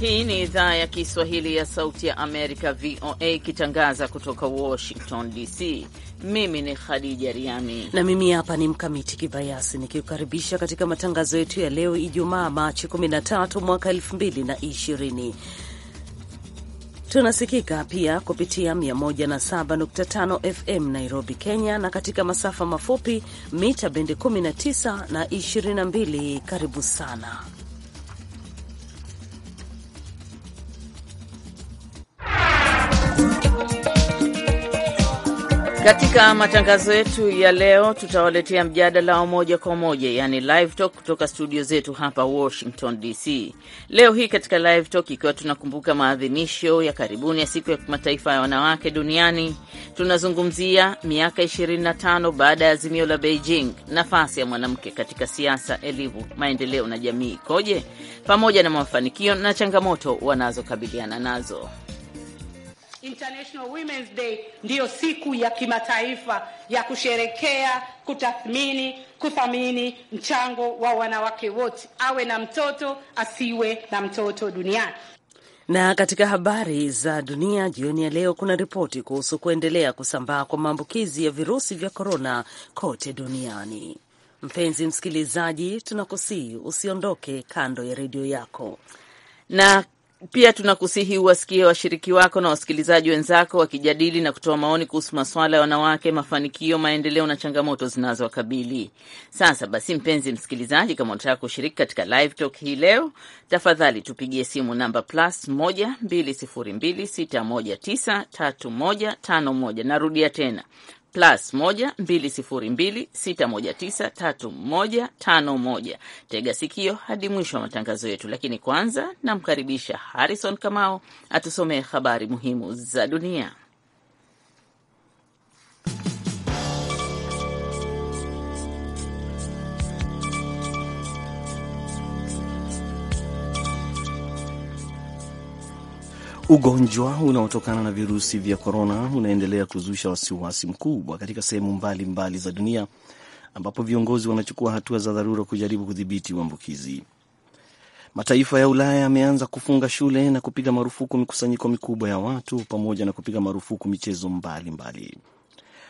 Hii ni idhaa ya Kiswahili ya Sauti ya Amerika, VOA, ikitangaza kutoka Washington DC. Mimi ni Khadija Riami na mimi hapa ni Mkamiti Kibayasi nikiukaribisha katika matangazo yetu ya leo Ijumaa, Machi 13 mwaka 2020. Tunasikika pia kupitia 107.5 FM Nairobi, Kenya, na katika masafa mafupi mita bendi 19 na 22. Karibu sana Katika matangazo yetu ya leo tutawaletea mjadala wa moja kwa moja, yani live talk kutoka studio zetu hapa Washington DC. Leo hii katika live talk, ikiwa tunakumbuka maadhimisho ya karibuni ya siku ya kimataifa ya wanawake duniani, tunazungumzia miaka 25 baada ya azimio la Beijing, nafasi ya mwanamke katika siasa, elimu, maendeleo na jamii ikoje, pamoja na mafanikio na changamoto wanazokabiliana nazo. International Women's Day ndiyo siku ya kimataifa ya kusherekea, kutathmini, kuthamini mchango wa wanawake wote, awe na mtoto asiwe na mtoto duniani. Na katika habari za dunia jioni ya leo, kuna ripoti kuhusu kuendelea kusambaa kwa maambukizi ya virusi vya korona kote duniani. Mpenzi msikilizaji, tunakusihi usiondoke kando ya redio yako na pia tunakusihi uwasikie washiriki wako na wasikilizaji wenzako wakijadili na kutoa maoni kuhusu masuala ya wanawake, mafanikio, maendeleo na changamoto zinazowakabili. Sasa basi, mpenzi msikilizaji, kama unataka kushiriki katika live talk hii leo, tafadhali tupigie simu namba plus 1 202 619 3151. Narudia tena plus 12026193151. Tega sikio hadi mwisho wa matangazo yetu, lakini kwanza namkaribisha Harrison Kamao atusomee habari muhimu za dunia. Ugonjwa unaotokana na virusi vya korona unaendelea kuzusha wasiwasi mkubwa katika sehemu mbalimbali za dunia ambapo viongozi wanachukua hatua za dharura kujaribu kudhibiti uambukizi. Mataifa ya Ulaya yameanza kufunga shule na kupiga marufuku mikusanyiko mikubwa ya watu pamoja na kupiga marufuku michezo mbalimbali mbali.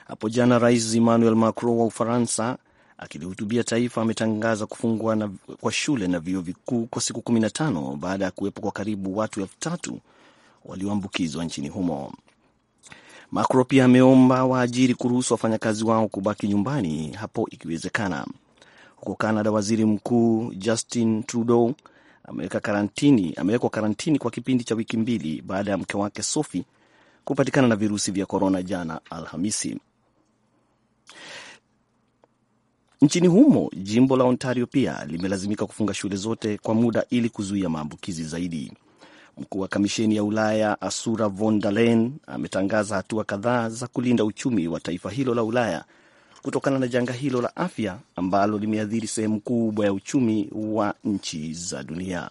Hapo jana Rais Emmanuel Macron wa Ufaransa akilihutubia taifa ametangaza kufungwa kwa shule na vyuo vikuu kwa siku 15 baada ya kuwepo kwa karibu watu elfu tatu walioambukizwa nchini humo. macro pia ameomba waajiri kuruhusu wafanyakazi wao kubaki nyumbani hapo ikiwezekana. Huko Canada, waziri mkuu Justin Trudeau amewekwa karantini, amewekwa karantini kwa kipindi cha wiki mbili baada ya mke wake Sophie kupatikana na virusi vya korona jana Alhamisi. Nchini humo jimbo la Ontario pia limelazimika kufunga shule zote kwa muda ili kuzuia maambukizi zaidi. Mkuu wa kamisheni ya Ulaya Asura von der Leyen ametangaza hatua kadhaa za kulinda uchumi wa taifa hilo la Ulaya kutokana na janga hilo la afya ambalo limeathiri sehemu kubwa ya uchumi wa nchi za dunia.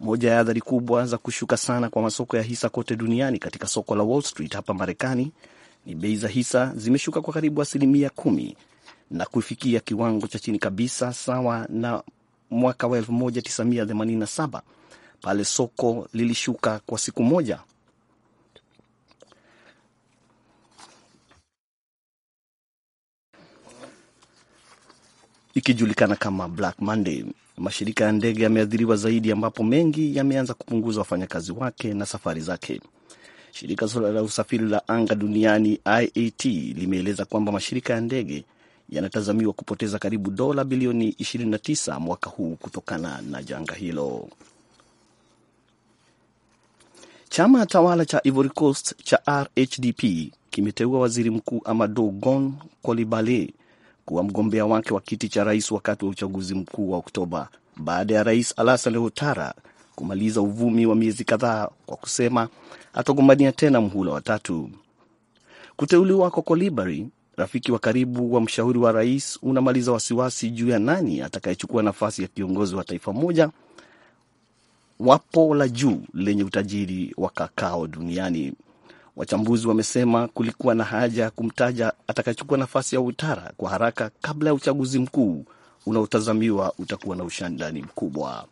Moja ya athari kubwa za kushuka sana kwa masoko ya hisa kote duniani katika soko la Wall Street hapa Marekani ni bei za hisa zimeshuka kwa karibu asilimia kumi na kufikia kiwango cha chini kabisa sawa na mwaka wa 1987 pale soko lilishuka kwa siku moja. ikijulikana kama Black Monday. Mashirika ya ndege yameathiriwa zaidi, ambapo mengi yameanza kupunguza wafanyakazi wake na safari zake. Shirika la usafiri la anga duniani IAT limeeleza kwamba mashirika ya ndege yanatazamiwa kupoteza karibu dola bilioni 29 mwaka huu kutokana na janga hilo. Chama tawala cha Ivory Coast cha RHDP kimeteua waziri mkuu Amadou Gon Coulibaly kuwa mgombea wake wa kiti cha rais wakati wa uchaguzi mkuu wa Oktoba baada ya rais Alassane Ouattara kumaliza uvumi wa miezi kadhaa kwa kusema atagombania tena mhula wa tatu. Kuteuliwa kwa Coulibaly, rafiki wa karibu wa mshauri wa rais, unamaliza wasiwasi juu ya nani atakayechukua nafasi ya kiongozi wa taifa moja wapo la juu lenye utajiri wa kakao duniani. Wachambuzi wamesema kulikuwa na haja ya kumtaja atakayechukua nafasi ya utara kwa haraka kabla ya uchaguzi mkuu unaotazamiwa utakuwa na ushindani mkubwa.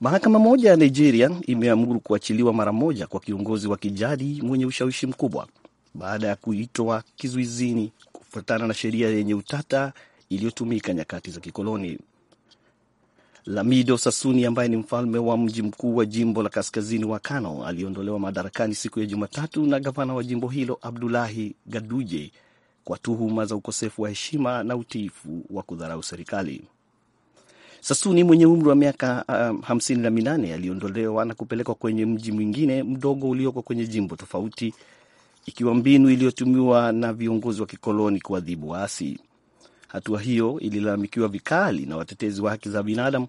Mahakama moja ya Nigeria imeamuru kuachiliwa mara moja kwa kiongozi wa kijadi mwenye ushawishi mkubwa baada ya kuitwa kizuizini kufuatana na sheria yenye utata iliyotumika nyakati za kikoloni. Lamido Sasuni ambaye ni mfalme wa mji mkuu wa jimbo la kaskazini wa Kano aliondolewa madarakani siku ya Jumatatu na gavana wa jimbo hilo Abdulahi Gaduje kwa tuhuma za ukosefu wa heshima na utiifu wa kudharau serikali. Sasuni mwenye umri wa miaka um, hamsini na minane aliondolewa na kupelekwa kwenye mji mwingine mdogo ulioko kwenye jimbo tofauti, ikiwa mbinu iliyotumiwa na viongozi wa kikoloni kuadhibu waasi. Hatua hiyo ililalamikiwa vikali na watetezi wa haki za binadamu,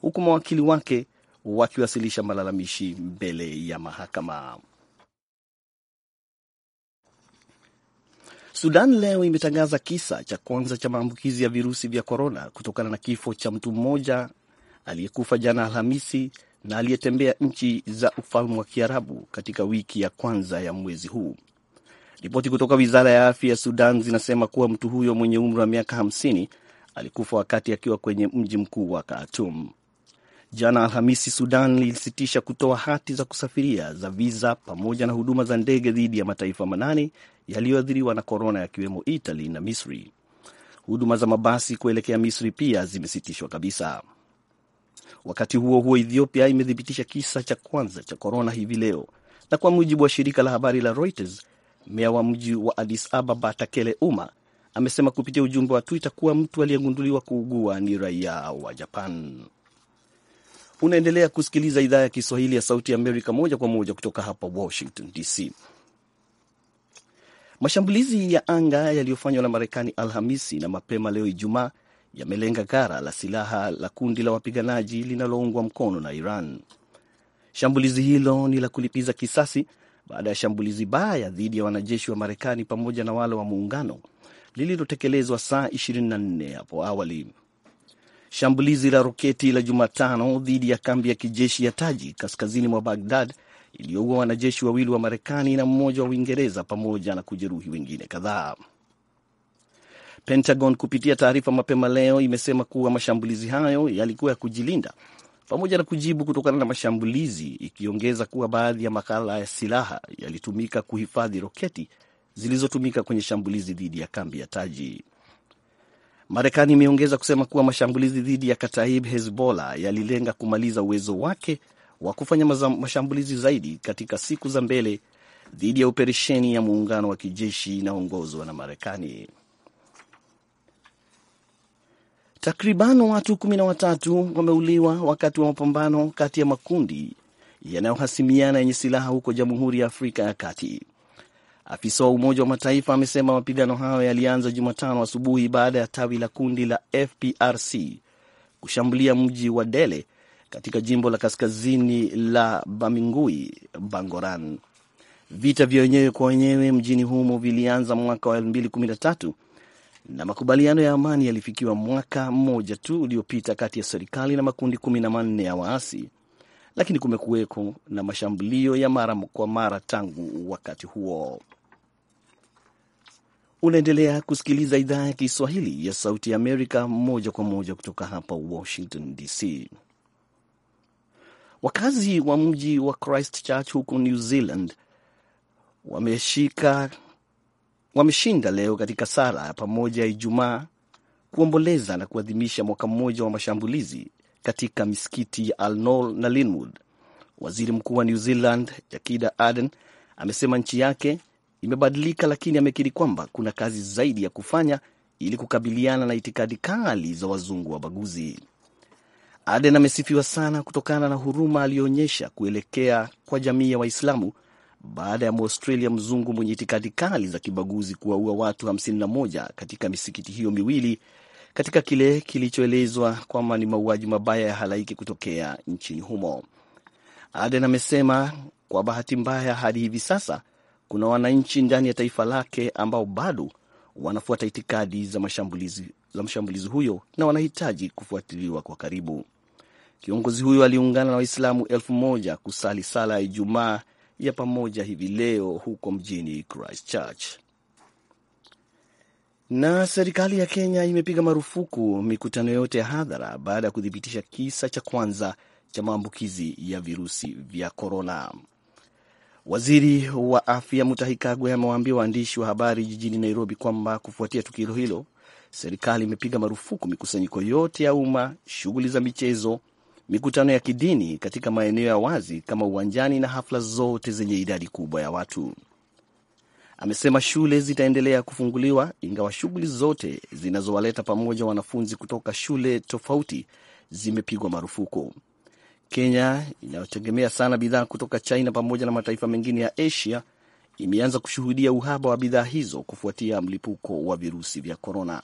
huku mawakili wake wakiwasilisha malalamishi mbele ya mahakama. Sudan leo imetangaza kisa cha kwanza cha maambukizi ya virusi vya korona kutokana na kifo cha mtu mmoja aliyekufa jana Alhamisi na aliyetembea nchi za ufalme wa Kiarabu katika wiki ya kwanza ya mwezi huu. Ripoti kutoka wizara ya afya ya Sudan zinasema kuwa mtu huyo mwenye umri wa miaka 50 alikufa wakati akiwa kwenye mji mkuu wa Khartoum. Jana Alhamisi, Sudan lilisitisha kutoa hati za kusafiria za viza pamoja na huduma za ndege dhidi ya mataifa manane yaliyoathiriwa na korona yakiwemo Italy na Misri. Huduma za mabasi kuelekea Misri pia zimesitishwa kabisa. Wakati huo huo, Ethiopia imethibitisha kisa cha kwanza cha korona hivi leo, na kwa mujibu wa shirika la habari la Reuters, Meya wa mji wa Addis Ababa Takele Uma amesema kupitia ujumbe wa Twitter kuwa mtu aliyegunduliwa kuugua ni raia wa Japan. Unaendelea kusikiliza idhaa ya Kiswahili ya Sauti ya Amerika moja kwa moja kutoka hapa Washington DC. Mashambulizi ya anga yaliyofanywa na Marekani Alhamisi na mapema leo Ijumaa yamelenga gara la silaha la kundi la wapiganaji linaloungwa mkono na Iran. Shambulizi hilo ni la kulipiza kisasi baada ya shambulizi baya dhidi ya wanajeshi wa Marekani pamoja na wale wa muungano lililotekelezwa saa 24 hapo awali. Shambulizi la roketi la Jumatano dhidi ya kambi ya kijeshi ya Taji kaskazini mwa Bagdad iliyoua wanajeshi wawili wa Marekani na mmoja wa Uingereza pamoja na kujeruhi wengine kadhaa. Pentagon kupitia taarifa mapema leo imesema kuwa mashambulizi hayo yalikuwa ya kujilinda pamoja na kujibu kutokana na mashambulizi, ikiongeza kuwa baadhi ya makala ya silaha yalitumika kuhifadhi roketi zilizotumika kwenye shambulizi dhidi ya kambi ya Taji. Marekani imeongeza kusema kuwa mashambulizi dhidi ya Kataib Hezbollah yalilenga kumaliza uwezo wake wa kufanya mashambulizi zaidi katika siku za mbele dhidi ya operesheni ya muungano wa kijeshi inaongozwa na Marekani. Takriban watu kumi na watatu wameuliwa wakati wa mapambano kati ya makundi yanayohasimiana yenye silaha huko Jamhuri ya Afrika ya Kati. Afisa wa Umoja wa Mataifa amesema mapigano hayo yalianza Jumatano asubuhi baada ya tawi la kundi la FPRC kushambulia mji wa Dele katika jimbo la kaskazini la Bamingui Bangoran. Vita vya wenyewe kwa wenyewe mjini humo vilianza mwaka wa 2013 na makubaliano ya amani yalifikiwa mwaka mmoja tu uliopita kati ya serikali na makundi kumi na manne ya waasi, lakini kumekuweko na mashambulio ya mara kwa mara tangu wakati huo. Unaendelea kusikiliza idhaa ya Kiswahili ya Sauti ya Amerika moja kwa moja kutoka hapa Washington DC. Wakazi wa mji wa Christchurch huko New Zealand wameshika wameshinda leo katika sala ya pamoja ya Ijumaa kuomboleza na kuadhimisha mwaka mmoja wa mashambulizi katika misikiti ya Al na Linwood. Waziri Mkuu wa New Zealand Jacinda Ardern amesema nchi yake imebadilika, lakini amekiri kwamba kuna kazi zaidi ya kufanya ili kukabiliana na itikadi kali za wazungu wabaguzi. Aden amesifiwa sana kutokana na huruma aliyoonyesha kuelekea kwa jamii ya Waislamu baada ya Mwaustralia mzungu mwenye itikadi kali za kibaguzi kuwaua watu 51 katika misikiti hiyo miwili katika kile kilichoelezwa kwamba ni mauaji mabaya ya halaiki kutokea nchini humo. Aden amesema kwa bahati mbaya, hadi hivi sasa kuna wananchi ndani ya taifa lake ambao bado wanafuata itikadi za mashambulizi, za mshambulizi huyo na wanahitaji kufuatiliwa kwa karibu. Kiongozi huyo aliungana na Waislamu elfu moja kusali sala ya Ijumaa ya pamoja hivi leo huko mjini Christchurch. Na serikali ya Kenya imepiga marufuku mikutano yote ya hadhara baada ya kuthibitisha kisa cha kwanza cha maambukizi ya virusi vya korona. Waziri wa afya Mutahi Kagwe amewaambia waandishi wa habari jijini Nairobi kwamba kufuatia tukio hilo, serikali imepiga marufuku mikusanyiko yote ya umma, shughuli za michezo, mikutano ya kidini katika maeneo ya wazi kama uwanjani na hafla zote zenye idadi kubwa ya watu. Amesema shule zitaendelea kufunguliwa ingawa shughuli zote zinazowaleta pamoja wanafunzi kutoka shule tofauti zimepigwa marufuku. Kenya inayotegemea sana bidhaa kutoka China pamoja na mataifa mengine ya Asia imeanza kushuhudia uhaba wa bidhaa hizo kufuatia mlipuko wa virusi vya korona.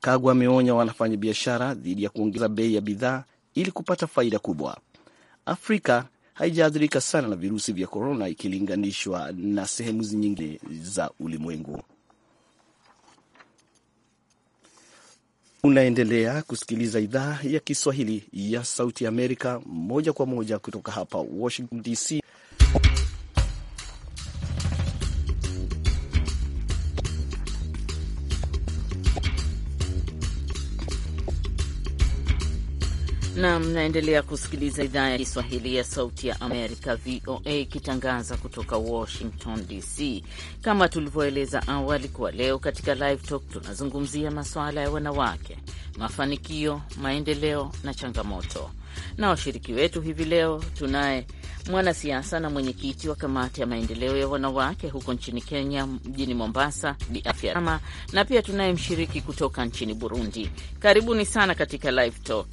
Kagwa ameonya wanafanyabiashara dhidi ya kuongeza bei ya bidhaa ili kupata faida kubwa. Afrika haijaathirika sana na virusi vya korona ikilinganishwa na sehemu nyingine za ulimwengu. Unaendelea kusikiliza idhaa ya Kiswahili ya Sauti Amerika moja kwa moja kutoka hapa Washington DC. na mnaendelea kusikiliza idhaa ya Kiswahili ya Sauti ya Amerika, VOA, ikitangaza kutoka Washington DC. Kama tulivyoeleza awali, kwa leo katika Live Talk tunazungumzia masuala ya wanawake, mafanikio, maendeleo na changamoto. Na washiriki wetu hivi leo tunaye mwanasiasa na mwenyekiti wa kamati ya maendeleo ya wanawake huko nchini Kenya, mjini Mombasa, Bi na pia tunaye mshiriki kutoka nchini Burundi. Karibuni sana katika Live Talk.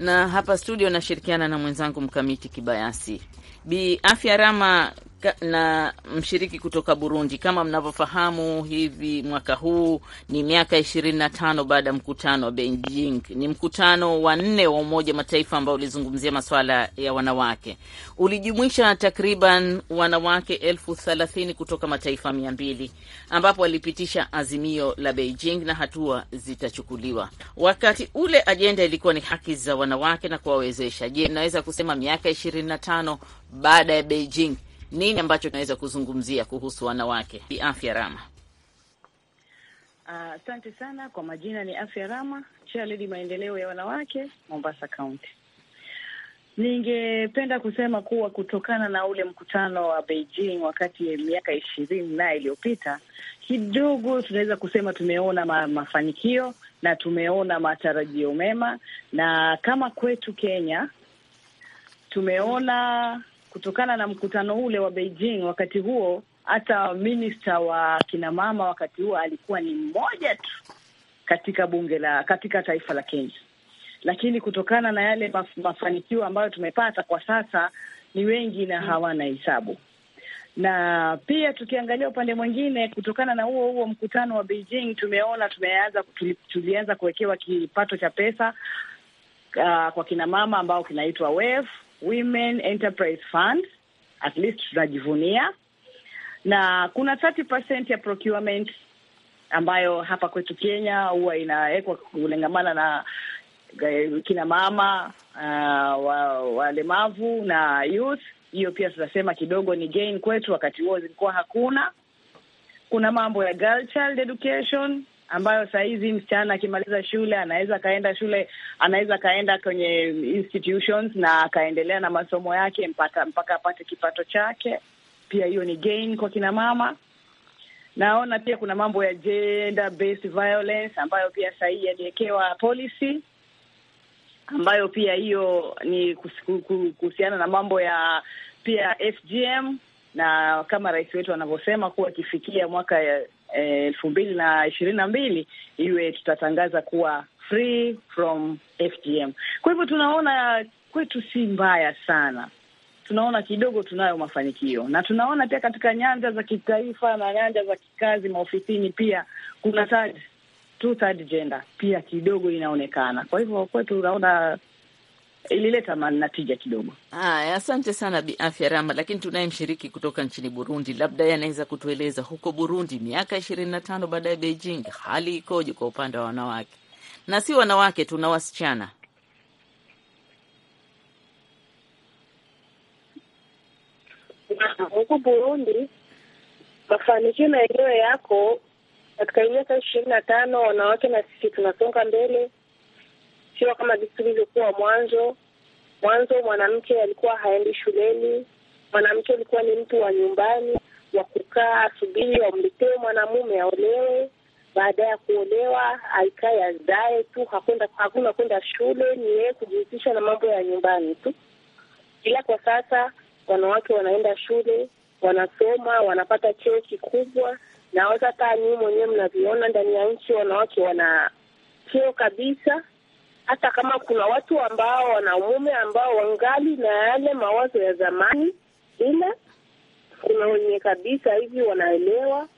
na hapa studio nashirikiana na mwenzangu Mkamiti Kibayasi. Bi Afya Rama, na mshiriki kutoka Burundi. Kama mnavyofahamu, hivi mwaka huu ni miaka ishirini na tano baada ya mkutano wa Beijing. Ni mkutano wa nne wa Umoja Mataifa ambao ulizungumzia masuala ya wanawake, ulijumuisha takriban wanawake elfu thelathini kutoka mataifa mia mbili ambapo walipitisha azimio la Beijing na hatua zitachukuliwa. Wakati ule ajenda ilikuwa ni haki za wanawake na kuwawezesha. Je, naweza kusema miaka ishirini na tano baada ya Beijing nini ambacho tunaweza kuzungumzia kuhusu wanawake? Ni Afya Rama. Ah, asante uh, sana kwa majina, ni Afya Rama, chairledi maendeleo ya wanawake Mombasa County. Ningependa kusema kuwa kutokana na ule mkutano wa Beijing wakati miaka ishirini naye iliyopita, kidogo tunaweza kusema tumeona ma mafanikio na tumeona matarajio mema, na kama kwetu Kenya tumeona kutokana na mkutano ule wa Beijing wakati huo. Hata minista wa kinamama wakati huo alikuwa ni mmoja tu katika bunge la katika taifa la Kenya, lakini kutokana na yale maf, mafanikio ambayo tumepata kwa sasa ni wengi na hawana hesabu. Na pia tukiangalia upande mwingine, kutokana na huo huo mkutano wa Beijing tumeona tumeanza, tulianza kuwekewa kipato cha pesa uh, kwa kinamama ambao kinaitwa WEF Women Enterprise Fund, at least tunajivunia, na kuna 30% ya procurement ambayo hapa kwetu Kenya huwa inawekwa kulingamana na eh, kina mama uh, walemavu wa na youth. Hiyo pia tunasema kidogo ni gain kwetu, wakati huo zilikuwa hakuna. Kuna mambo ya girl child education ambayo saa hizi msichana akimaliza shule anaweza akaenda shule, anaweza akaenda kwenye institutions na akaendelea na masomo yake mpaka mpaka apate kipato chake. Pia hiyo ni gain kwa kina mama. Naona pia kuna mambo ya gender based violence ambayo pia saa hii yaliwekewa policy ambayo pia hiyo ni kuhusiana na mambo ya pia FGM na kama rais wetu anavyosema kuwa akifikia mwaka Eh, elfu mbili na ishirini na mbili iwe tutatangaza kuwa free from FGM. Kwa hivyo tunaona kwetu si mbaya sana, tunaona kidogo tunayo mafanikio, na tunaona pia katika nyanja za kitaifa na nyanja za kikazi maofisini pia kuna third, two third gender pia kidogo inaonekana. Kwa hivyo kwetu unaona ilileta manatija kidogo. Haya, asante sana Bi Afya Rama. Lakini tunaye mshiriki kutoka nchini Burundi, labda yeye anaweza kutueleza huko Burundi miaka ishirini na tano baada ya Beijing hali ikoje kwa upande wa wanawake, na si wanawake tuna wasichana? Huku Burundi mafanikio na yenyewe yako katika miaka ishirini na tano wanawake na sisi tunasonga mbele sio kama vitu vilivyokuwa mwanzo. Mwanzo mwanamke alikuwa haendi shuleni, mwanamke alikuwa ni mtu wa nyumbani wa kukaa asubiri wamletee mwanamume aolewe, baada ya kuolewa aikae azae tu, hakwenda hakuna kwenda shule, ni yeye kujihusisha na mambo ya nyumbani tu. Ila kwa sasa wanawake wanaenda shule, wanasoma, wanapata cheo kikubwa, na hata nyinyi mwenyewe mnaviona ndani ya nchi, wanawake wana cheo kabisa, hata kama kuna watu ambao wana umume ambao wangali na yale mawazo ya zamani, ila kuna wenye kabisa hivi wanaelewa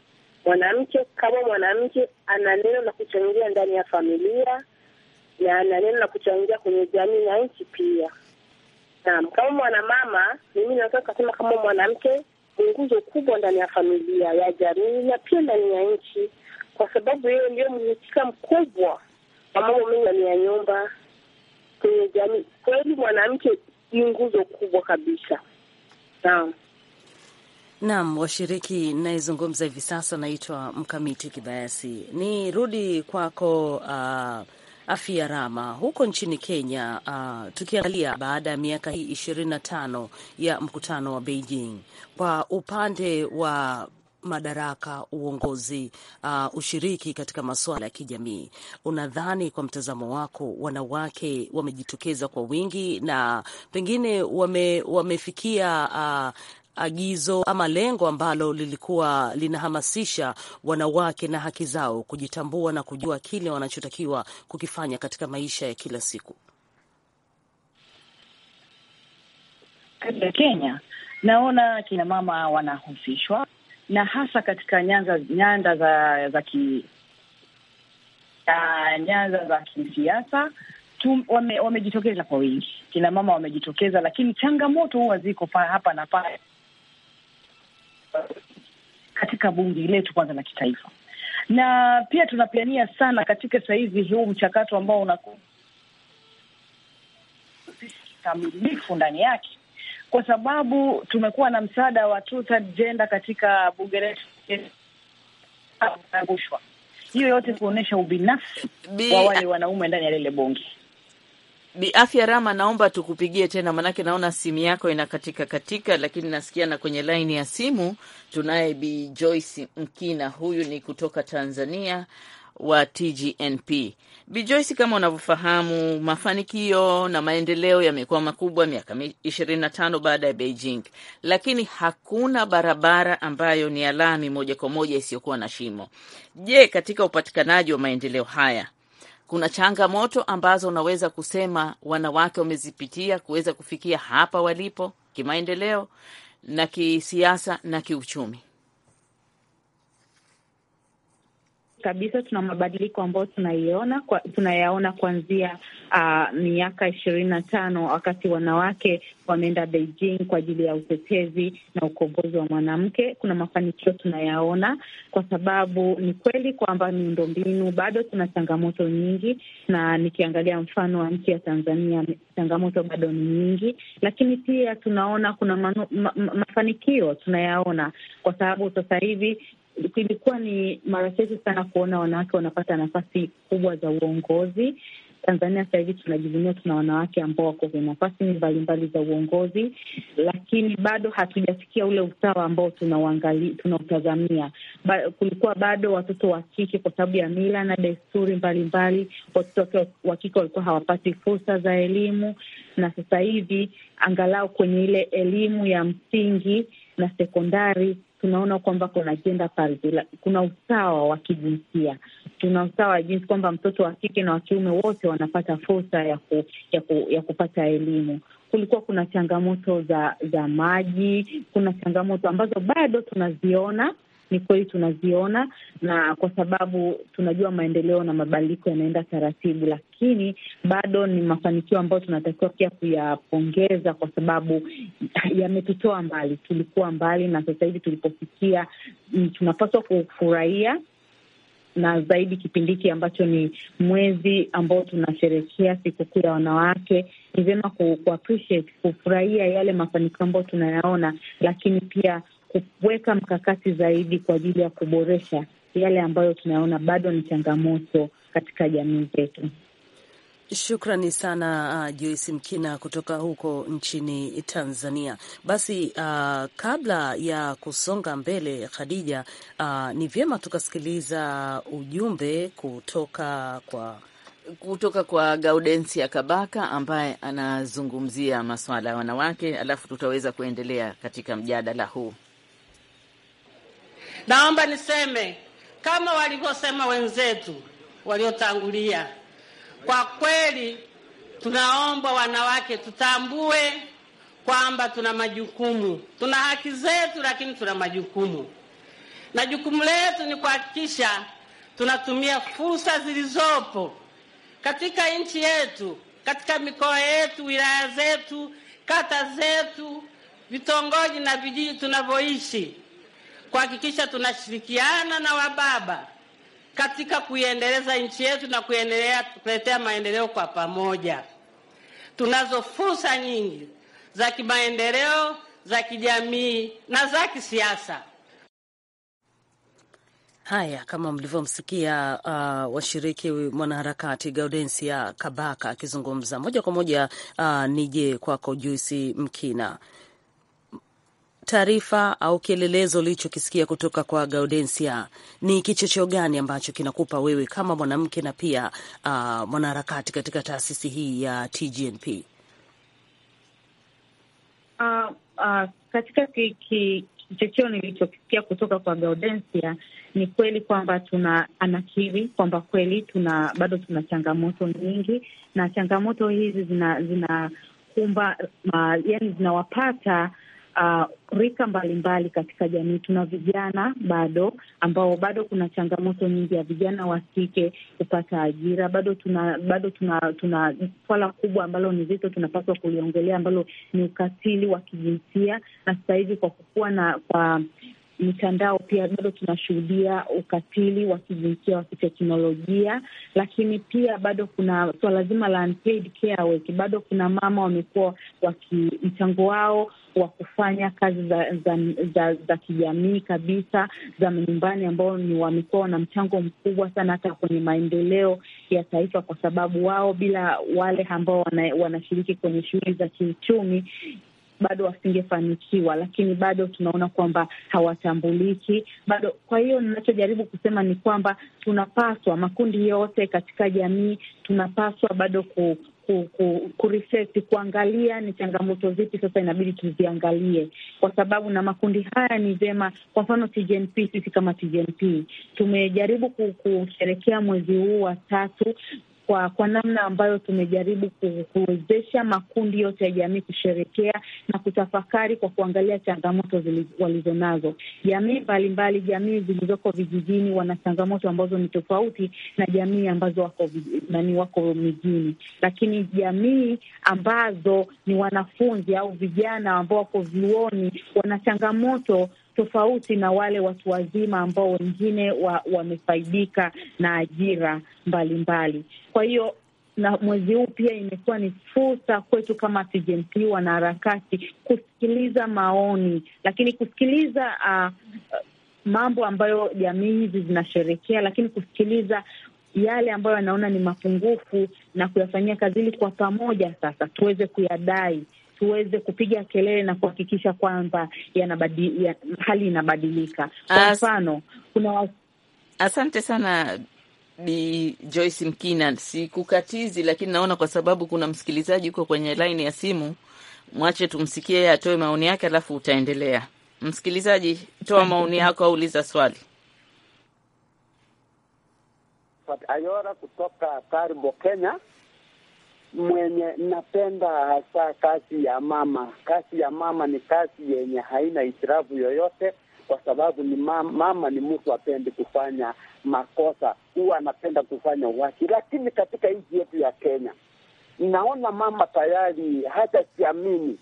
mwanamke kama mwanamke ana neno la kuchangia ndani ya familia na ana neno la kuchangia kwenye jamii na nchi pia. Naam, kama mwanamama, mimi naweza kusema kama mwanamke ni nguzo kubwa ndani ya familia, ya jamii na pia ndani ya nchi, kwa sababu yeye ndio mhusika mkubwa pamoja ya nyumba kwenye jamii. Kweli mwanamke ni nguzo kubwa kabisa. Naam. Naam, washiriki nayezungumza hivi sasa naitwa Mkamiti Kibayasi. Ni rudi kwako uh, Afia Rama huko nchini Kenya. Uh, tukiangalia baada ya miaka hii ishirini na tano ya mkutano wa Beijing, kwa upande wa madaraka, uongozi, uh, ushiriki katika masuala ya kijamii. Unadhani kwa mtazamo wako wanawake wamejitokeza kwa wingi na pengine wame, wamefikia uh, agizo ama lengo ambalo lilikuwa linahamasisha wanawake na haki zao, kujitambua na kujua kile wanachotakiwa kukifanya katika maisha ya kila siku katika Kenya? Naona kina mama wanahusishwa na hasa katika nyanza, nyanda za za ki ah, nyanda za kisiasa wame, wamejitokeza kwa wingi, kina mama wamejitokeza, lakini changamoto huwa ziko hapa na pale katika bunge letu kwanza la kitaifa, na pia tunapiania sana katika sahizi huu mchakato ambao unakamilifu ndani yake kwa sababu tumekuwa na msaada wa two third gender katika bunge letu kuangushwa. Hiyo yote kuonyesha ubinafsi Bi... wa wale wanaume ndani ya lile bunge. Bi Afya Rama, naomba tukupigie tena, manake naona simu yako inakatika katika, lakini nasikia na kwenye laini ya simu tunaye Bi Joyce Mkina, huyu ni kutoka Tanzania wa TGNP. bjoic kama unavyofahamu, mafanikio na maendeleo yamekuwa makubwa miaka ishirini na tano baada ya Beijing, lakini hakuna barabara ambayo ni alami moja kwa moja isiyokuwa na shimo. Je, katika upatikanaji wa maendeleo haya kuna changamoto ambazo unaweza kusema wanawake wamezipitia kuweza kufikia hapa walipo kimaendeleo na kisiasa na kiuchumi? kabisa tuna mabadiliko ambayo tunaiona kwa, tunayaona kuanzia uh, miaka ishirini na tano wakati wanawake wameenda Beijing kwa ajili ya utetezi na ukombozi wa mwanamke. Kuna mafanikio tunayaona, kwa sababu ni kweli kwamba miundombinu bado tuna changamoto nyingi, na nikiangalia mfano wa nchi ya Tanzania changamoto bado ni nyingi, lakini pia tunaona kuna manu, ma, ma, mafanikio tunayaona, kwa sababu sasa hivi ilikuwa ni mara chache sana kuona wanawake wanapata nafasi kubwa za uongozi. Tanzania sasa hivi tunajivunia tuna wanawake ambao wako kwenye nafasi mbalimbali za uongozi, lakini bado hatujafikia ule usawa ambao tunautazamia. Ba, kulikuwa bado watoto wa kike kwa sababu ya mila na desturi mbalimbali, watoto wa kike walikuwa hawapati fursa za elimu, na sasa hivi angalau kwenye ile elimu ya msingi na sekondari tunaona kwamba kuna jenda parity, kuna usawa wa kijinsia, tuna usawa wa jinsi kwamba mtoto wa kike na wa kiume wote wanapata fursa ya, ku, ya, ku, ya kupata elimu. Kulikuwa kuna changamoto za za maji, kuna changamoto ambazo bado tunaziona ni kweli tunaziona, na kwa sababu tunajua maendeleo na mabadiliko yanaenda taratibu, lakini bado ni mafanikio ambayo tunatakiwa pia kuyapongeza, kwa sababu yametutoa mbali. Tulikuwa mbali na sasa hivi tulipofikia, mm, tunapaswa kufurahia na zaidi kipindi hiki ambacho ni mwezi ambao tunasherehekea sikukuu ya wanawake, ni vyema ku appreciate kufurahia yale mafanikio ambayo tunayaona, lakini pia kuweka mkakati zaidi kwa ajili ya kuboresha yale ambayo tunayaona bado ni changamoto katika jamii zetu. Shukrani sana uh, Joyce Mkina kutoka huko nchini Tanzania. Basi uh, kabla ya kusonga mbele Khadija, uh, ni vyema tukasikiliza ujumbe kutoka kwa kutoka kwa Gaudensia Kabaka ambaye anazungumzia masuala ya wanawake, alafu tutaweza kuendelea katika mjadala huu. Naomba niseme kama walivyosema wenzetu waliotangulia, kwa kweli tunaomba wanawake tutambue kwamba tuna majukumu, tuna haki zetu, lakini tuna majukumu, na jukumu letu ni kuhakikisha tunatumia fursa zilizopo katika nchi yetu, katika mikoa yetu, wilaya zetu, kata zetu, vitongoji na vijiji tunavyoishi kuhakikisha tunashirikiana na wababa katika kuiendeleza nchi yetu na kuendelea kuletea maendeleo kwa pamoja. Tunazo fursa nyingi za kimaendeleo, za kijamii na za kisiasa. Haya, kama mlivyomsikia uh, washiriki mwanaharakati Gaudensia Kabaka akizungumza moja kwa moja. Uh, nije kwako Juisi Mkina taarifa au kielelezo ulichokisikia kutoka kwa Gaudensia, ni kichocheo gani ambacho kinakupa wewe kama mwanamke na pia uh, mwanaharakati katika taasisi hii ya TGNP? Uh, ah, uh, ah, katika kichocheo nilichokisikia kutoka kwa Gaudensia ni kweli kwamba tuna anakiri kwamba kweli tuna bado tuna changamoto nyingi, na changamoto hizi zina uh, yani zinawapata uh, rika mbalimbali katika jamii. Tuna vijana bado ambao bado kuna changamoto nyingi ya vijana wa kike kupata ajira, bado tuna bado tuna tuna swala kubwa ambalo ni zito tunapaswa kuliongelea ambalo ni ukatili wa kijinsia, na sasa hivi kwa kukuwa na kwa mitandao pia bado tunashuhudia ukatili wa kijinsia wa kiteknolojia, lakini pia bado kuna suala zima la unpaid care work. Bado kuna mama wamekuwa waki mchango wao wa kufanya kazi za, za, za, za kijamii kabisa za nyumbani, ambao ni wamekuwa na mchango mkubwa sana hata kwenye maendeleo ya taifa, kwa sababu wao bila wale ambao wanashiriki kwenye shughuli za kiuchumi bado wasingefanikiwa, lakini bado tunaona kwamba hawatambuliki bado. Kwa hiyo ninachojaribu kusema ni kwamba tunapaswa, makundi yote katika jamii, tunapaswa bado ku, ku, ku, kuangalia ni changamoto zipi sasa inabidi tuziangalie, kwa sababu na makundi haya ni vyema. Kwa mfano TGNP, sisi kama TGNP tumejaribu kusherekea mwezi huu wa tatu kwa kwa namna ambayo tumejaribu kuwezesha makundi yote ya jamii kusherekea na kutafakari kwa kuangalia changamoto walizonazo jamii mbalimbali. Jamii zilizoko vijijini wana changamoto ambazo ni tofauti na jamii ambazo wako nani, wako mijini, lakini jamii ambazo ni wanafunzi au vijana ambao wako vyuoni wana changamoto tofauti na wale watu wazima ambao wengine wamefaidika wa na ajira mbalimbali mbali. Kwa hiyo na mwezi huu pia imekuwa ni fursa kwetu kama TGNP wanaharakati kusikiliza maoni, lakini kusikiliza uh, mambo ambayo jamii hizi zinasherekea, lakini kusikiliza yale ambayo yanaona ni mapungufu na kuyafanyia kazi, ili kwa pamoja sasa tuweze kuyadai tuweze kupiga kelele na kuhakikisha kwamba ya, hali inabadilika. Kwa mfano kuna asante sana Bi Joyce Mkina, sikukatizi, lakini naona kwa sababu kuna msikilizaji uko kwenye laini ya simu, mwache tumsikie atoe maoni yake, alafu utaendelea. Msikilizaji, toa maoni yako au uliza swali. Ayora kutoka Tarimbo, Kenya mwenye napenda hasa kazi ya mama. Kazi ya mama ni kazi yenye haina itirafu yoyote, kwa sababu ni mama, mama ni mtu apendi kufanya makosa, huwa anapenda kufanya uwaki. Lakini katika nchi yetu ya Kenya naona mama tayari hata siamini.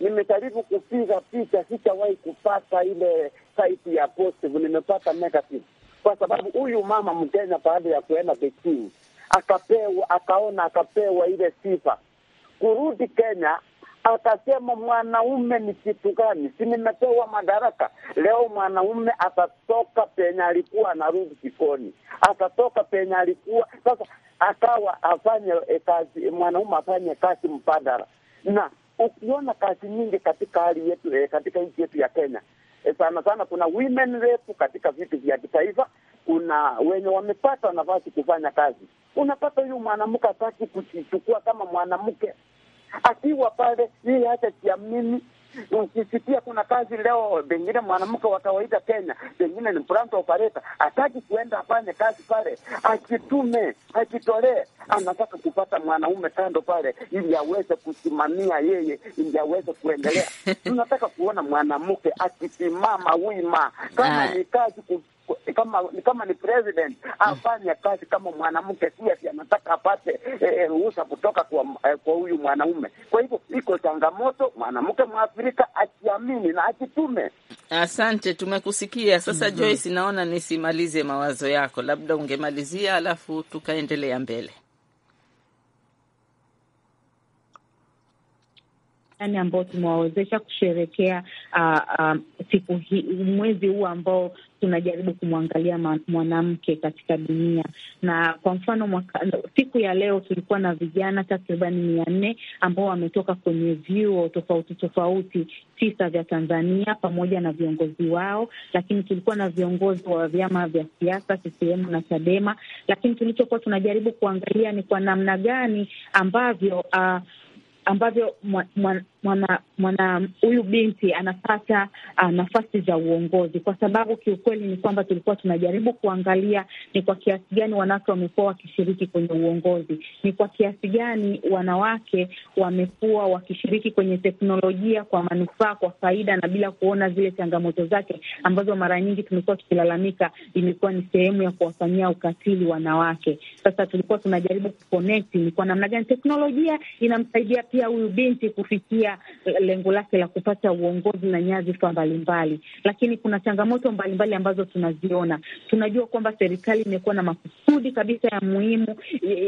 Nimejaribu kupiga picha, sijawahi kupata ile saiti ya positive, nimepata negative, kwa sababu huyu mama Mkenya baada ya kuenda kikuu akapewa, akaona akapewa ile sifa. Kurudi Kenya akasema mwanaume ni kitu gani? Si nimepewa madaraka leo. Mwanaume atatoka penye alikuwa anarudi jikoni, atatoka penye alikuwa sasa, akawa afanye eh, kazi, mwanaume afanye kazi mbadala. Na ukiona kazi nyingi katika hali yetu, eh, katika nchi yetu ya Kenya Eh, sana sana kuna women rep katika viti vya kitaifa, kuna wenye wamepata nafasi kufanya kazi. Unapata huyu mwanamke ataki kujichukua kama mwanamke, akiwa pale yeye hata kiamini Ukisikia kuna kazi leo, pengine mwanamke wa kawaida Kenya, pengine ni plant opareta hataki kuenda afanye kazi pale, akitume akitolee anataka kupata mwanaume kando pale, ili aweze kusimamia yeye, ili aweze kuendelea. Tunataka kuona mwanamke akisimama wima, kama ah. ni kazi kama kama ni president afanye kazi kama mwanamke, si anataka apate eh, eh, ruhusa eh, kutoka kwa eh, kwa huyu mwanaume. Kwa hivyo iko changamoto, mwanamke mwafrika akiamini na akitume. Asante, tumekusikia sasa. mm -hmm. Joyce, naona nisimalize mawazo yako, labda ungemalizia alafu tukaendelea mbele. ambao tumewawezesha kusherekea uh, uh, siku hii, mwezi huu ambao tunajaribu kumwangalia mwanamke katika dunia. Na kwa mfano mwaka, siku ya leo tulikuwa na vijana takribani mia nne ambao wametoka kwenye vyuo tofauti tofauti tisa vya Tanzania pamoja na viongozi wao, lakini tulikuwa na viongozi wa vyama vya siasa CCM na Chadema, lakini tulichokuwa tunajaribu kuangalia ni kwa namna gani ambavyo uh, ambavyo mwa, mwa, mwana mwana huyu binti anapata uh, nafasi za uongozi, kwa sababu kiukweli ni kwamba tulikuwa tunajaribu kuangalia ni kwa kiasi gani wanawake wamekuwa wakishiriki kwenye uongozi, ni kwa kiasi gani wanawake wamekuwa wakishiriki kwenye teknolojia kwa manufaa, kwa faida na bila kuona zile changamoto zake ambazo mara nyingi tumekuwa tukilalamika imekuwa ni sehemu ya kuwafanyia ukatili wanawake. Sasa tulikuwa tunajaribu kuconnect ni kwa namna gani teknolojia inamsaidia pia huyu binti kufikia lengo lake la kupata uongozi na nyadhifa mbalimbali, lakini kuna changamoto mbalimbali ambazo tunaziona. Tunajua kwamba serikali imekuwa na makusudi kabisa ya muhimu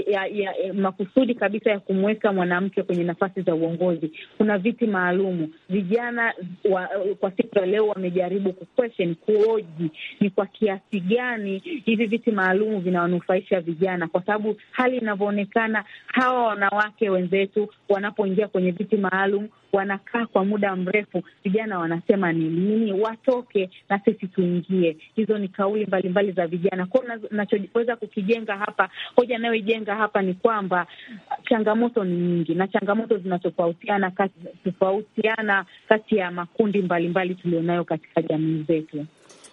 ya, ya, ya, makusudi kabisa ya kumweka mwanamke kwenye nafasi za uongozi. Kuna viti maalumu. Vijana wa, kwa siku ya leo wamejaribu kuquestion, kuoji ni kwa kiasi gani hivi viti maalumu vinawanufaisha vijana, kwa sababu hali inavyoonekana hawa wanawake wenzetu wanapoingia kwenye viti maalum wanakaa kwa muda mrefu, vijana wanasema ni lini watoke na sisi tuingie. Hizo ni kauli mbalimbali za vijana kwao. Nachoweza kukijenga hapa, hoja anayoijenga hapa ni kwamba uh, changamoto ni nyingi na changamoto zinatofautiana kati, tofautiana kati ya makundi mbalimbali tulionayo katika jamii zetu.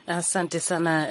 Asante sana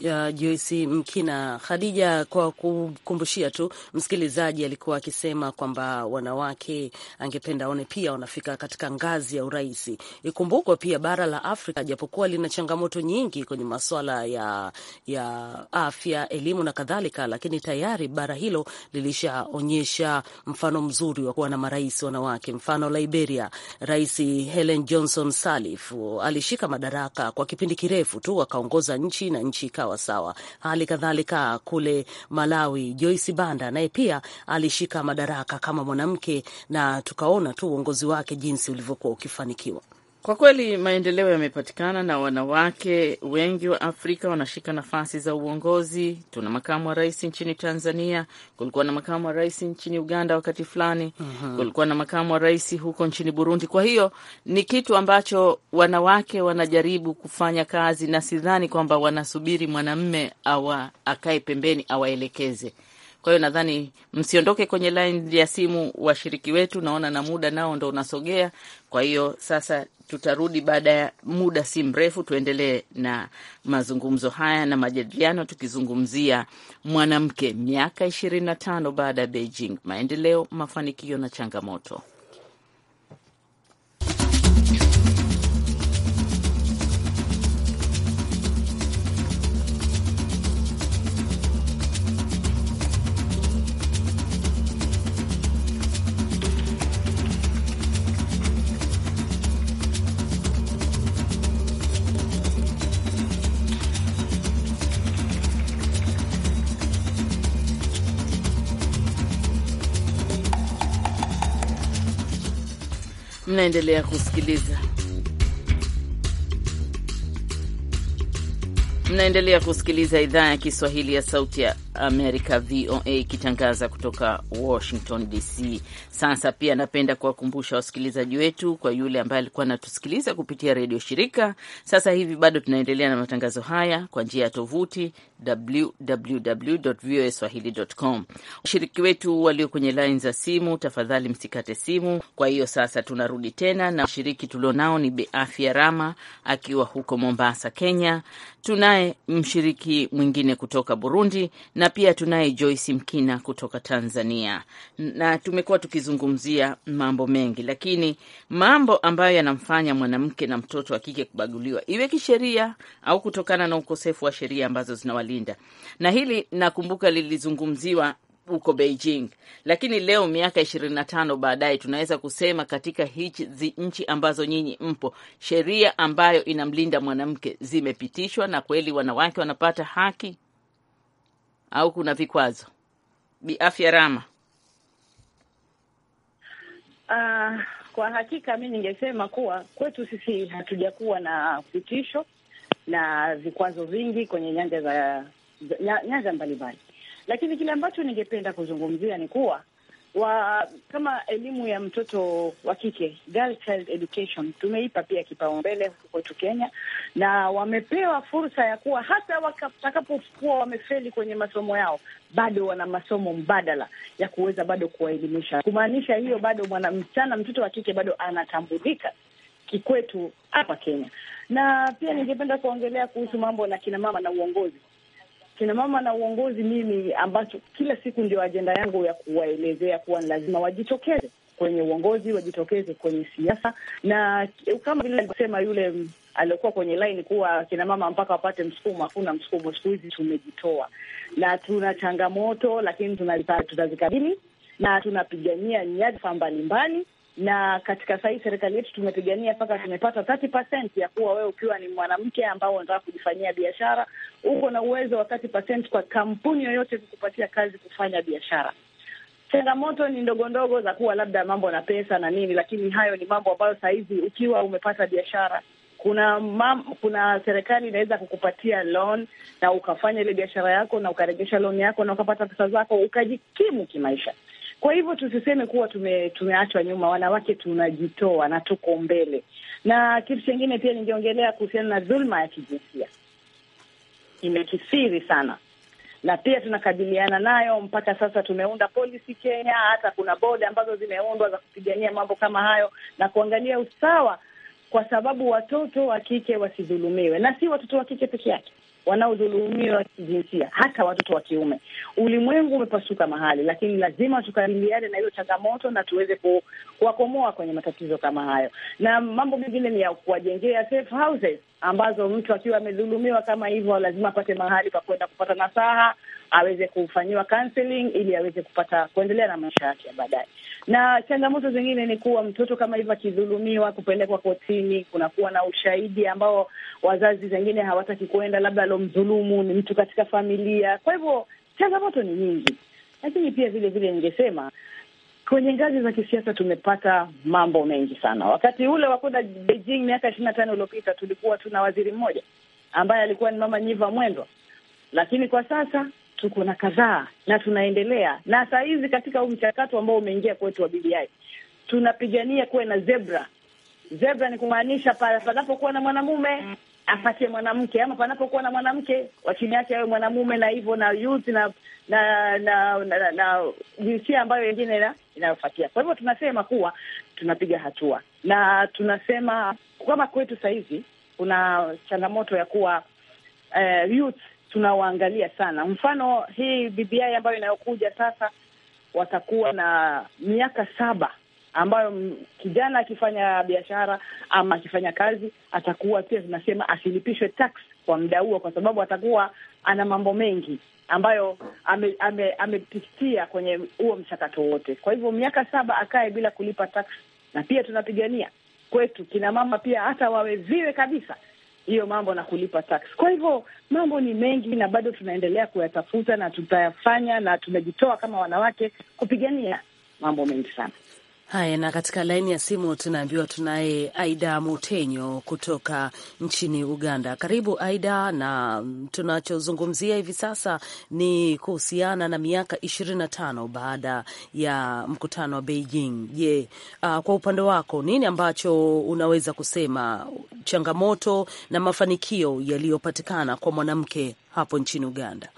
uh, uh, Joyce Mkina Khadija, kwa kukumbushia tu msikilizaji, alikuwa akisema kwamba wanawake angependa aone pia wanafika katika ngazi ya urais. Ikumbukwe pia bara la Afrika japokuwa lina changamoto nyingi kwenye maswala ya, ya afya, elimu na kadhalika, lakini tayari bara hilo lilishaonyesha mfano mzuri wa kuwa na marais wanawake. Mfano Liberia, Rais Helen Johnson Sirleaf uh, alishika madaraka kwa kipindi kirefu tu tu akaongoza nchi na nchi ikawa sawa. Hali kadhalika kule Malawi, Joyce Banda naye pia alishika madaraka kama mwanamke, na tukaona tu uongozi wake jinsi ulivyokuwa ukifanikiwa. Kwa kweli maendeleo yamepatikana na wanawake wengi wa Afrika wanashika nafasi za uongozi. Tuna makamu wa rais nchini Tanzania, kulikuwa na makamu wa rais nchini Uganda wakati fulani, mhm. kulikuwa na makamu wa rais huko nchini Burundi. Kwa hiyo ni kitu ambacho wanawake wanajaribu kufanya kazi, na sidhani kwamba wanasubiri mwanamme awa akae pembeni awaelekeze. Kwa hiyo nadhani msiondoke kwenye line ya simu, washiriki wetu, naona na muda nao ndo unasogea. Kwa hiyo sasa tutarudi baada ya muda si mrefu, tuendelee na mazungumzo haya na majadiliano, tukizungumzia mwanamke miaka ishirini na tano baada ya Beijing, maendeleo, mafanikio na changamoto. Mnaendelea kusikiliza mnaendelea kusikiliza idhaa ya Kiswahili ya Sauti ya Amerika, VOA, ikitangaza kutoka Washington DC. Sasa pia napenda kuwakumbusha wasikilizaji wetu, kwa yule ambaye alikuwa anatusikiliza kupitia redio shirika, sasa hivi bado tunaendelea na matangazo haya kwa njia ya tovuti www.voaswahili.com. Washiriki wetu walio kwenye laini za simu, tafadhali msikate simu. Kwa hiyo sasa tunarudi tena na washiriki tulionao ni Beafya Rama akiwa huko Mombasa, Kenya. Tunaye mshiriki mwingine kutoka Burundi na pia tunaye Joyce Mkina kutoka Tanzania, na tumekuwa tukizungumzia mambo mengi, lakini mambo ambayo yanamfanya mwanamke na mtoto wa kike kubaguliwa iwe kisheria au kutokana na ukosefu wa sheria ambazo zina kulinda. Na hili nakumbuka lilizungumziwa huko Beijing, lakini leo miaka ishirini na tano baadaye tunaweza kusema katika hizi nchi ambazo nyinyi mpo, sheria ambayo inamlinda mwanamke zimepitishwa na kweli wanawake wanapata haki au kuna vikwazo? Bi Afya Rama. Uh, kwa hakika mi ningesema kuwa kwetu sisi hatujakuwa na vitisho na vikwazo vingi kwenye nyanja za nyanja mbalimbali, lakini kile ambacho ningependa kuzungumzia ni kuwa wa kama elimu ya mtoto wa kike girl child education tumeipa pia kipaumbele huku kwetu Kenya, na wamepewa fursa ya kuwa hata watakapokuwa wamefeli kwenye masomo yao bado wana masomo mbadala ya kuweza bado kuwaelimisha, kumaanisha hiyo bado mwana msichana mtoto wa kike bado anatambulika kikwetu hapa Kenya. Na pia ningependa kuongelea kuhusu mambo na kina mama na uongozi. Kina mama na uongozi, mimi ambacho kila siku ndio ajenda yangu ya kuwaelezea kuwa ni lazima wajitokeze kwenye uongozi, wajitokeze kwenye siasa, na kama vile alivyosema yule mm, aliyokuwa kwenye line kuwa kina mama mpaka wapate msukumo. Hakuna msukumo siku hizi, tumejitoa na tuna changamoto, lakini tunazikabili na tunapigania nyadhifa mbalimbali na katika saa hii serikali yetu tumepigania mpaka tumepata 30% ya kuwa wewe ukiwa ni mwanamke ambao unataka kujifanyia biashara uko na uwezo wa 30% kwa kampuni yoyote kukupatia kazi kufanya biashara. Changamoto ni ndogo ndogo za kuwa labda mambo na pesa na nini, lakini hayo ni mambo ambayo sahizi ukiwa umepata biashara kuna mam, kuna serikali inaweza kukupatia loan na ukafanya ile biashara yako na ukarejesha loan yako na ukapata pesa zako ukajikimu kimaisha. Kwa hivyo tusiseme kuwa tume, tumeachwa nyuma. Wanawake tunajitoa na tuko mbele, na kitu chengine pia ningeongelea kuhusiana na dhulma ya kijinsia, imekisiri sana na pia tunakabiliana nayo mpaka sasa. Tumeunda polisi Kenya, hata kuna bodi ambazo zimeundwa za kupigania mambo kama hayo na kuangalia usawa, kwa sababu watoto wa kike wasidhulumiwe, na si watoto wa kike peke yake, wanaodhulumiwa kijinsia, hata watoto wa kiume. Ulimwengu umepasuka mahali, lakini lazima tukabiliane na hiyo changamoto na tuweze kuwakomoa kwenye matatizo kama hayo. Na mambo mengine ni ya kuwajengea safe houses ambazo mtu akiwa amedhulumiwa kama hivyo, lazima apate mahali pa kwenda kupata nasaha aweze kufanyiwa counseling ili aweze kupata kuendelea na maisha yake ya baadaye. Na changamoto zingine ni kuwa mtoto kama hivyo akidhulumiwa, kupelekwa kotini, kunakuwa na ushahidi ambao wazazi wengine hawataki kwenda, labda alomdhulumu ni mtu katika familia. Kwa hivyo changamoto ni nyingi, lakini pia vile vile ningesema kwenye ngazi za kisiasa tumepata mambo mengi sana. Wakati ule wa kwenda Beijing miaka ishirini na tano uliopita tulikuwa tuna waziri mmoja ambaye alikuwa ni Mama Nyiva Mwendwa, lakini kwa sasa tuko na kadhaa na tunaendelea na saa hizi katika huu mchakato ambao umeingia kwetu wa BBI tunapigania kuwe na zebra. Zebra ni kumaanisha panapokuwa na mwanamume apatie mwanamke, ama panapokuwa na mwanamke wa chini yake awe mwanamume, na hivyo na youth na na na, na, jinsia ambayo wengine inayofuatia. Kwa hivyo tunasema kuwa tunapiga hatua na tunasema kama kwetu sahizi kuna changamoto ya kuwa uh, youth tunawaangalia sana. Mfano hii BBI ambayo inayokuja sasa, watakuwa na miaka saba ambayo kijana akifanya biashara ama akifanya kazi atakuwa pia, tunasema asilipishwe tax kwa muda huo, kwa sababu atakuwa ana mambo mengi ambayo amepitia ame, ame kwenye huo mchakato wote. Kwa hivyo miaka saba akae bila kulipa tax, na pia tunapigania kwetu kina mama pia hata wawe viwe kabisa hiyo mambo na kulipa tax. Kwa hivyo mambo ni mengi, na bado tunaendelea kuyatafuta na tutayafanya, na tumejitoa kama wanawake kupigania mambo mengi sana. Haya, na katika laini ya simu tunaambiwa tunaye Aida Mutenyo kutoka nchini Uganda. Karibu Aida, na tunachozungumzia hivi sasa ni kuhusiana na miaka ishirini na tano baada ya mkutano wa Beijing. Je, uh, kwa upande wako nini ambacho unaweza kusema changamoto na mafanikio yaliyopatikana kwa mwanamke hapo nchini Uganda?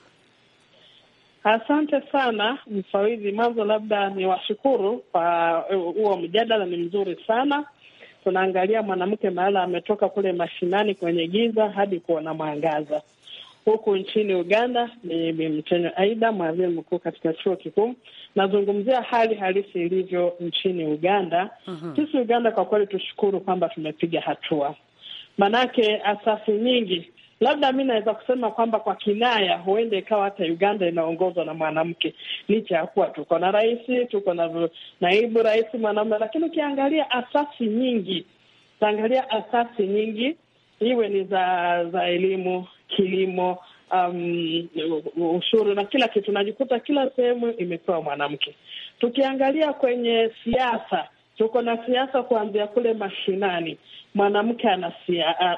Asante sana Mfawidhi. Mwanzo labda ni washukuru kwa uh, huo mjadala, ni mzuri sana. Tunaangalia mwanamke mahala ametoka kule mashinani kwenye giza hadi kuona mwangaza. Huku nchini Uganda ni Bi Mtenyo Aida, mwaziri mkuu katika chuo kikuu. Nazungumzia hali halisi ilivyo nchini Uganda. Uhum. Sisi Uganda kwa kweli tushukuru kwamba tumepiga hatua, manake asasi nyingi Labda mi naweza kusema kwamba kwa kinaya, huenda ikawa hata Uganda inaongozwa na mwanamke, licha ya kuwa tuko na rais, tuko na naibu rais mwanaume, lakini ukiangalia asasi nyingi, utaangalia asasi nyingi, iwe ni za za elimu, kilimo, um, ushuru na kila kitu, najikuta kila sehemu imepewa mwanamke. Tukiangalia kwenye siasa, tuko na siasa kuanzia kule mashinani mwanamke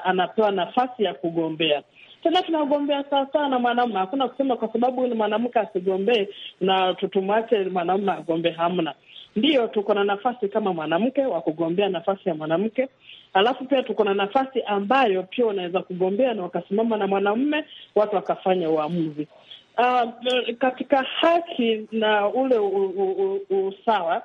anapewa nafasi ya kugombea. Tena tunagombea sawasawa na mwanamume. Hakuna kusema kwa sababu ni mwanamke asigombee na tutumwache mwanaume agombee, hamna. Ndiyo, tuko na nafasi kama mwanamke wa kugombea nafasi ya mwanamke, alafu pia tuko na nafasi ambayo pia unaweza kugombea na wakasimama na mwanamme watu wakafanya uamuzi uh, katika haki na ule usawa.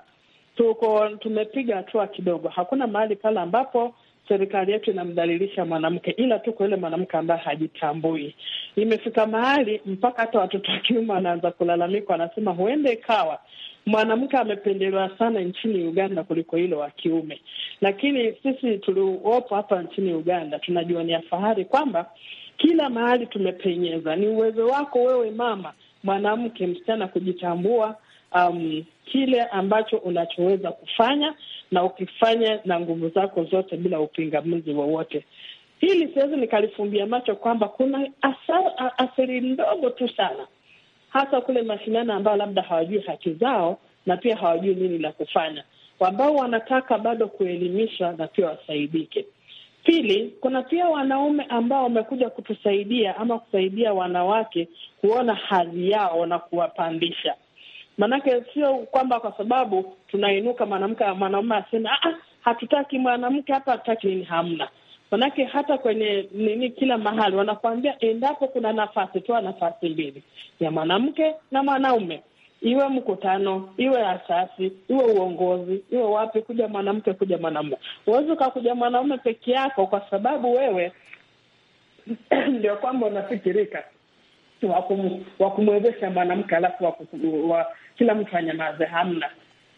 Tuko tumepiga hatua kidogo, hakuna mahali pale ambapo serikali yetu inamdhalilisha mwanamke, ila tu kwa yule mwanamke ambaye hajitambui. Imefika mahali mpaka hata watoto wa kiume wanaanza kulalamika, wanasema huende ikawa mwanamke amependelewa sana nchini Uganda kuliko hilo wa kiume. Lakini sisi tuliopo hapa nchini Uganda tunajua ni afahari kwamba kila mahali tumepenyeza. Ni uwezo wako wewe mama, mwanamke, msichana kujitambua, um, kile ambacho unachoweza kufanya na ukifanya na nguvu zako zote bila upingamizi wowote. Hili siwezi nikalifumbia macho kwamba kuna athari ndogo tu sana, hasa kule mashinani ambao labda hawajui haki zao na pia hawajui nini la kufanya, ambao wanataka bado kuelimishwa na pia wasaidike. Pili, kuna pia wanaume ambao wamekuja kutusaidia ama kusaidia wanawake kuona hadhi yao na kuwapandisha Maanake sio kwamba kwa sababu tunainuka mwanamke mwanaume asema ah, ah, hatutaki mwanamke hapa, hatutaki nini. Hamna, maanake hata kwenye nini, kila mahali wanakuambia endapo kuna nafasi, toa nafasi mbili ya mwanamke na mwanaume iwe mkutano, iwe asasi, iwe uongozi, iwe wapi, kuja mwanamke, kuja mwanaume. Huwezi ukakuja mwanaume peke yako, kwa sababu wewe ndio kwamba unafikirika wa kumwezesha mwanamke alafu wa, kila mtu anyamaze, hamna.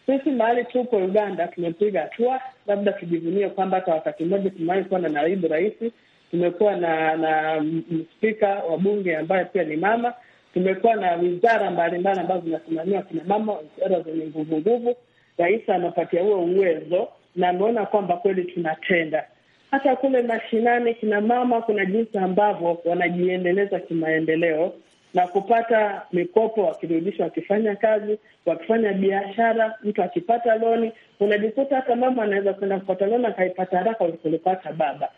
Sisi mahali tuko Uganda tumepiga hatua, labda tujivunie kwamba hata wakati mmoja tumewahi kuwa na naibu rais, tumekuwa na na spika wa bunge ambaye pia ni mama, tumekuwa na wizara mbalimbali ambazo zinasimamia kina mama, wizara zenye nguvu nguvu. Rais anapatia huo uwezo na ameona kwamba kweli tunatenda hata kule mashinani kina mama, kuna jinsi ambavyo wanajiendeleza kimaendeleo na kupata mikopo, wakirudishwa, wakifanya kazi, wakifanya biashara. Mtu akipata loni, unajikuta hata mama anaweza kwenda kupata loni akaipata haraka kulipata baba.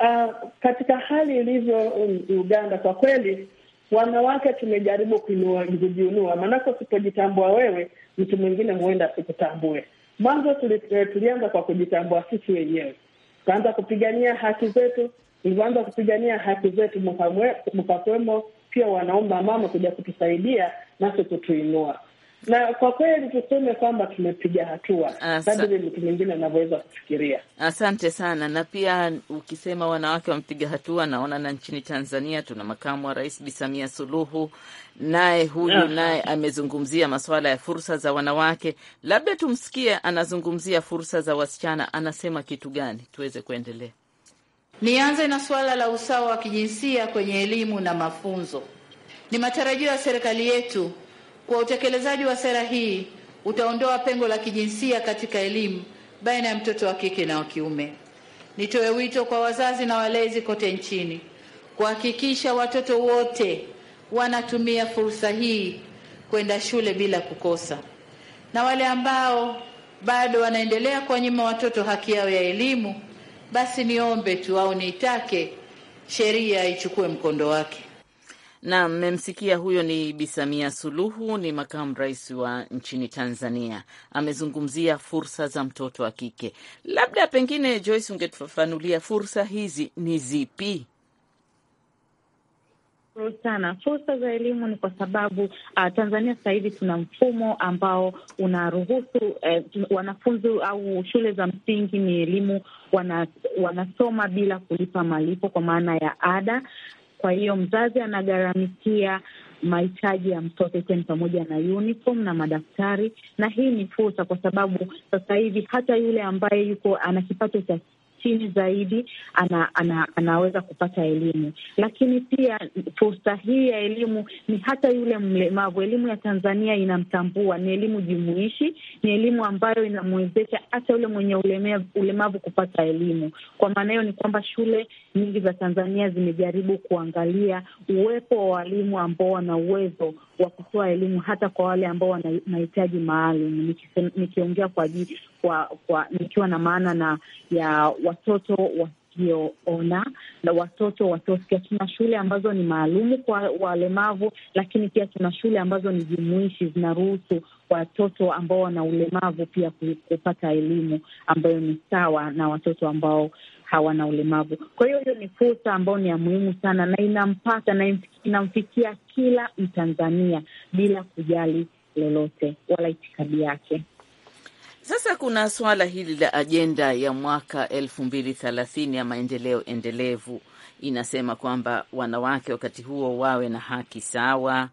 Uh, katika hali ilivyo um, Uganda, kwa kweli wanawake tumejaribu kujiunua maanake usipojitambua wewe, mtu mwingine huenda asikutambue. Mwanzo eh, tulianza kwa kujitambua sisi wenyewe tukaanza kupigania haki zetu. Tulivyoanza kupigania haki zetu, mkakwemo pia wanaomba mama kuja kutusaidia nasi kutuinua na kwa kweli tuseme kwamba tumepiga hatua kadri mtu mwingine anavyoweza kufikiria. Asante sana. Na pia ukisema wanawake wamepiga hatua, naona na nchini Tanzania tuna makamu wa rais Bi Samia Suluhu, naye huyu ah. naye amezungumzia masuala ya fursa za wanawake. Labda tumsikie anazungumzia fursa za wasichana, anasema kitu gani tuweze kuendelea. Nianze na suala la usawa wa kijinsia kwenye elimu na mafunzo. Ni matarajio ya serikali yetu kwa utekelezaji wa sera hii utaondoa pengo la kijinsia katika elimu baina ya mtoto wa kike na wa kiume. Nitoe wito kwa wazazi na walezi kote nchini kuhakikisha watoto wote wanatumia fursa hii kwenda shule bila kukosa, na wale ambao bado wanaendelea kuwanyima watoto haki yao ya elimu, basi niombe tu au niitake sheria ichukue mkondo wake. Na mmemsikia huyo ni Bi Samia Suluhu, ni makamu rais wa nchini Tanzania, amezungumzia fursa za mtoto wa kike. Labda pengine, Joyce, ungetufafanulia fursa hizi ni zipi? sana. Fursa za elimu ni kwa sababu uh, Tanzania sasa hivi tuna mfumo ambao unaruhusu eh, wanafunzi au shule za msingi ni elimu wana, wanasoma bila kulipa malipo kwa maana ya ada, kwa hiyo mzazi anagharamikia mahitaji ya mtoto ikiwa ni pamoja na uniform na madaftari, na hii ni fursa, kwa sababu sasa hivi hata yule ambaye yuko ana kipato cha chini zaidi ana, ana, anaweza kupata elimu. Lakini pia fursa hii ya elimu ni hata yule mlemavu. Elimu ya Tanzania inamtambua, ni elimu jumuishi, ni elimu ambayo inamwezesha hata yule mwenye ulemavu, ulemavu kupata elimu. Kwa maana hiyo ni kwamba shule nyingi za Tanzania zimejaribu kuangalia uwepo wa walimu ambao wana uwezo wa kutoa elimu hata kwa wale ambao wana mahitaji maalum, nikiongea kwa, kwa, kwa nikiwa na maana na ya watoto wasioona na watoto wasiosikia. Tuna shule ambazo ni maalumu kwa walemavu, lakini pia tuna shule ambazo ni jumuishi zinaruhusu watoto ambao wana ulemavu pia kupata elimu ambayo ni sawa na watoto ambao hawana ulemavu. Kwa hiyo hiyo ni fursa ambayo ni ya muhimu sana, na inampata na inamfikia kila Mtanzania bila kujali lolote wala itikadi yake. Sasa kuna suala hili la ajenda ya mwaka elfu mbili thelathini ya maendeleo endelevu inasema kwamba wanawake wakati huo wawe na haki sawa,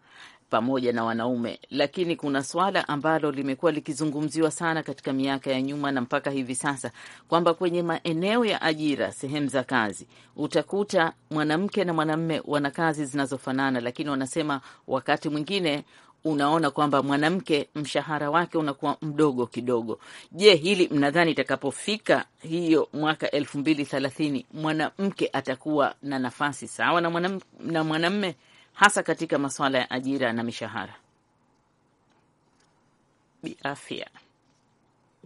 pamoja na wanaume, lakini kuna swala ambalo limekuwa likizungumziwa sana katika miaka ya nyuma na mpaka hivi sasa, kwamba kwenye maeneo ya ajira, sehemu za kazi, utakuta mwanamke na mwanamme wana kazi zinazofanana, lakini wanasema wakati mwingine unaona kwamba mwanamke mshahara wake unakuwa mdogo kidogo. Je, hili mnadhani itakapofika hiyo mwaka elfu mbili thelathini mwanamke atakuwa na nafasi sawa na mwanamme na hasa katika masuala ya ajira na mishahara? Biafya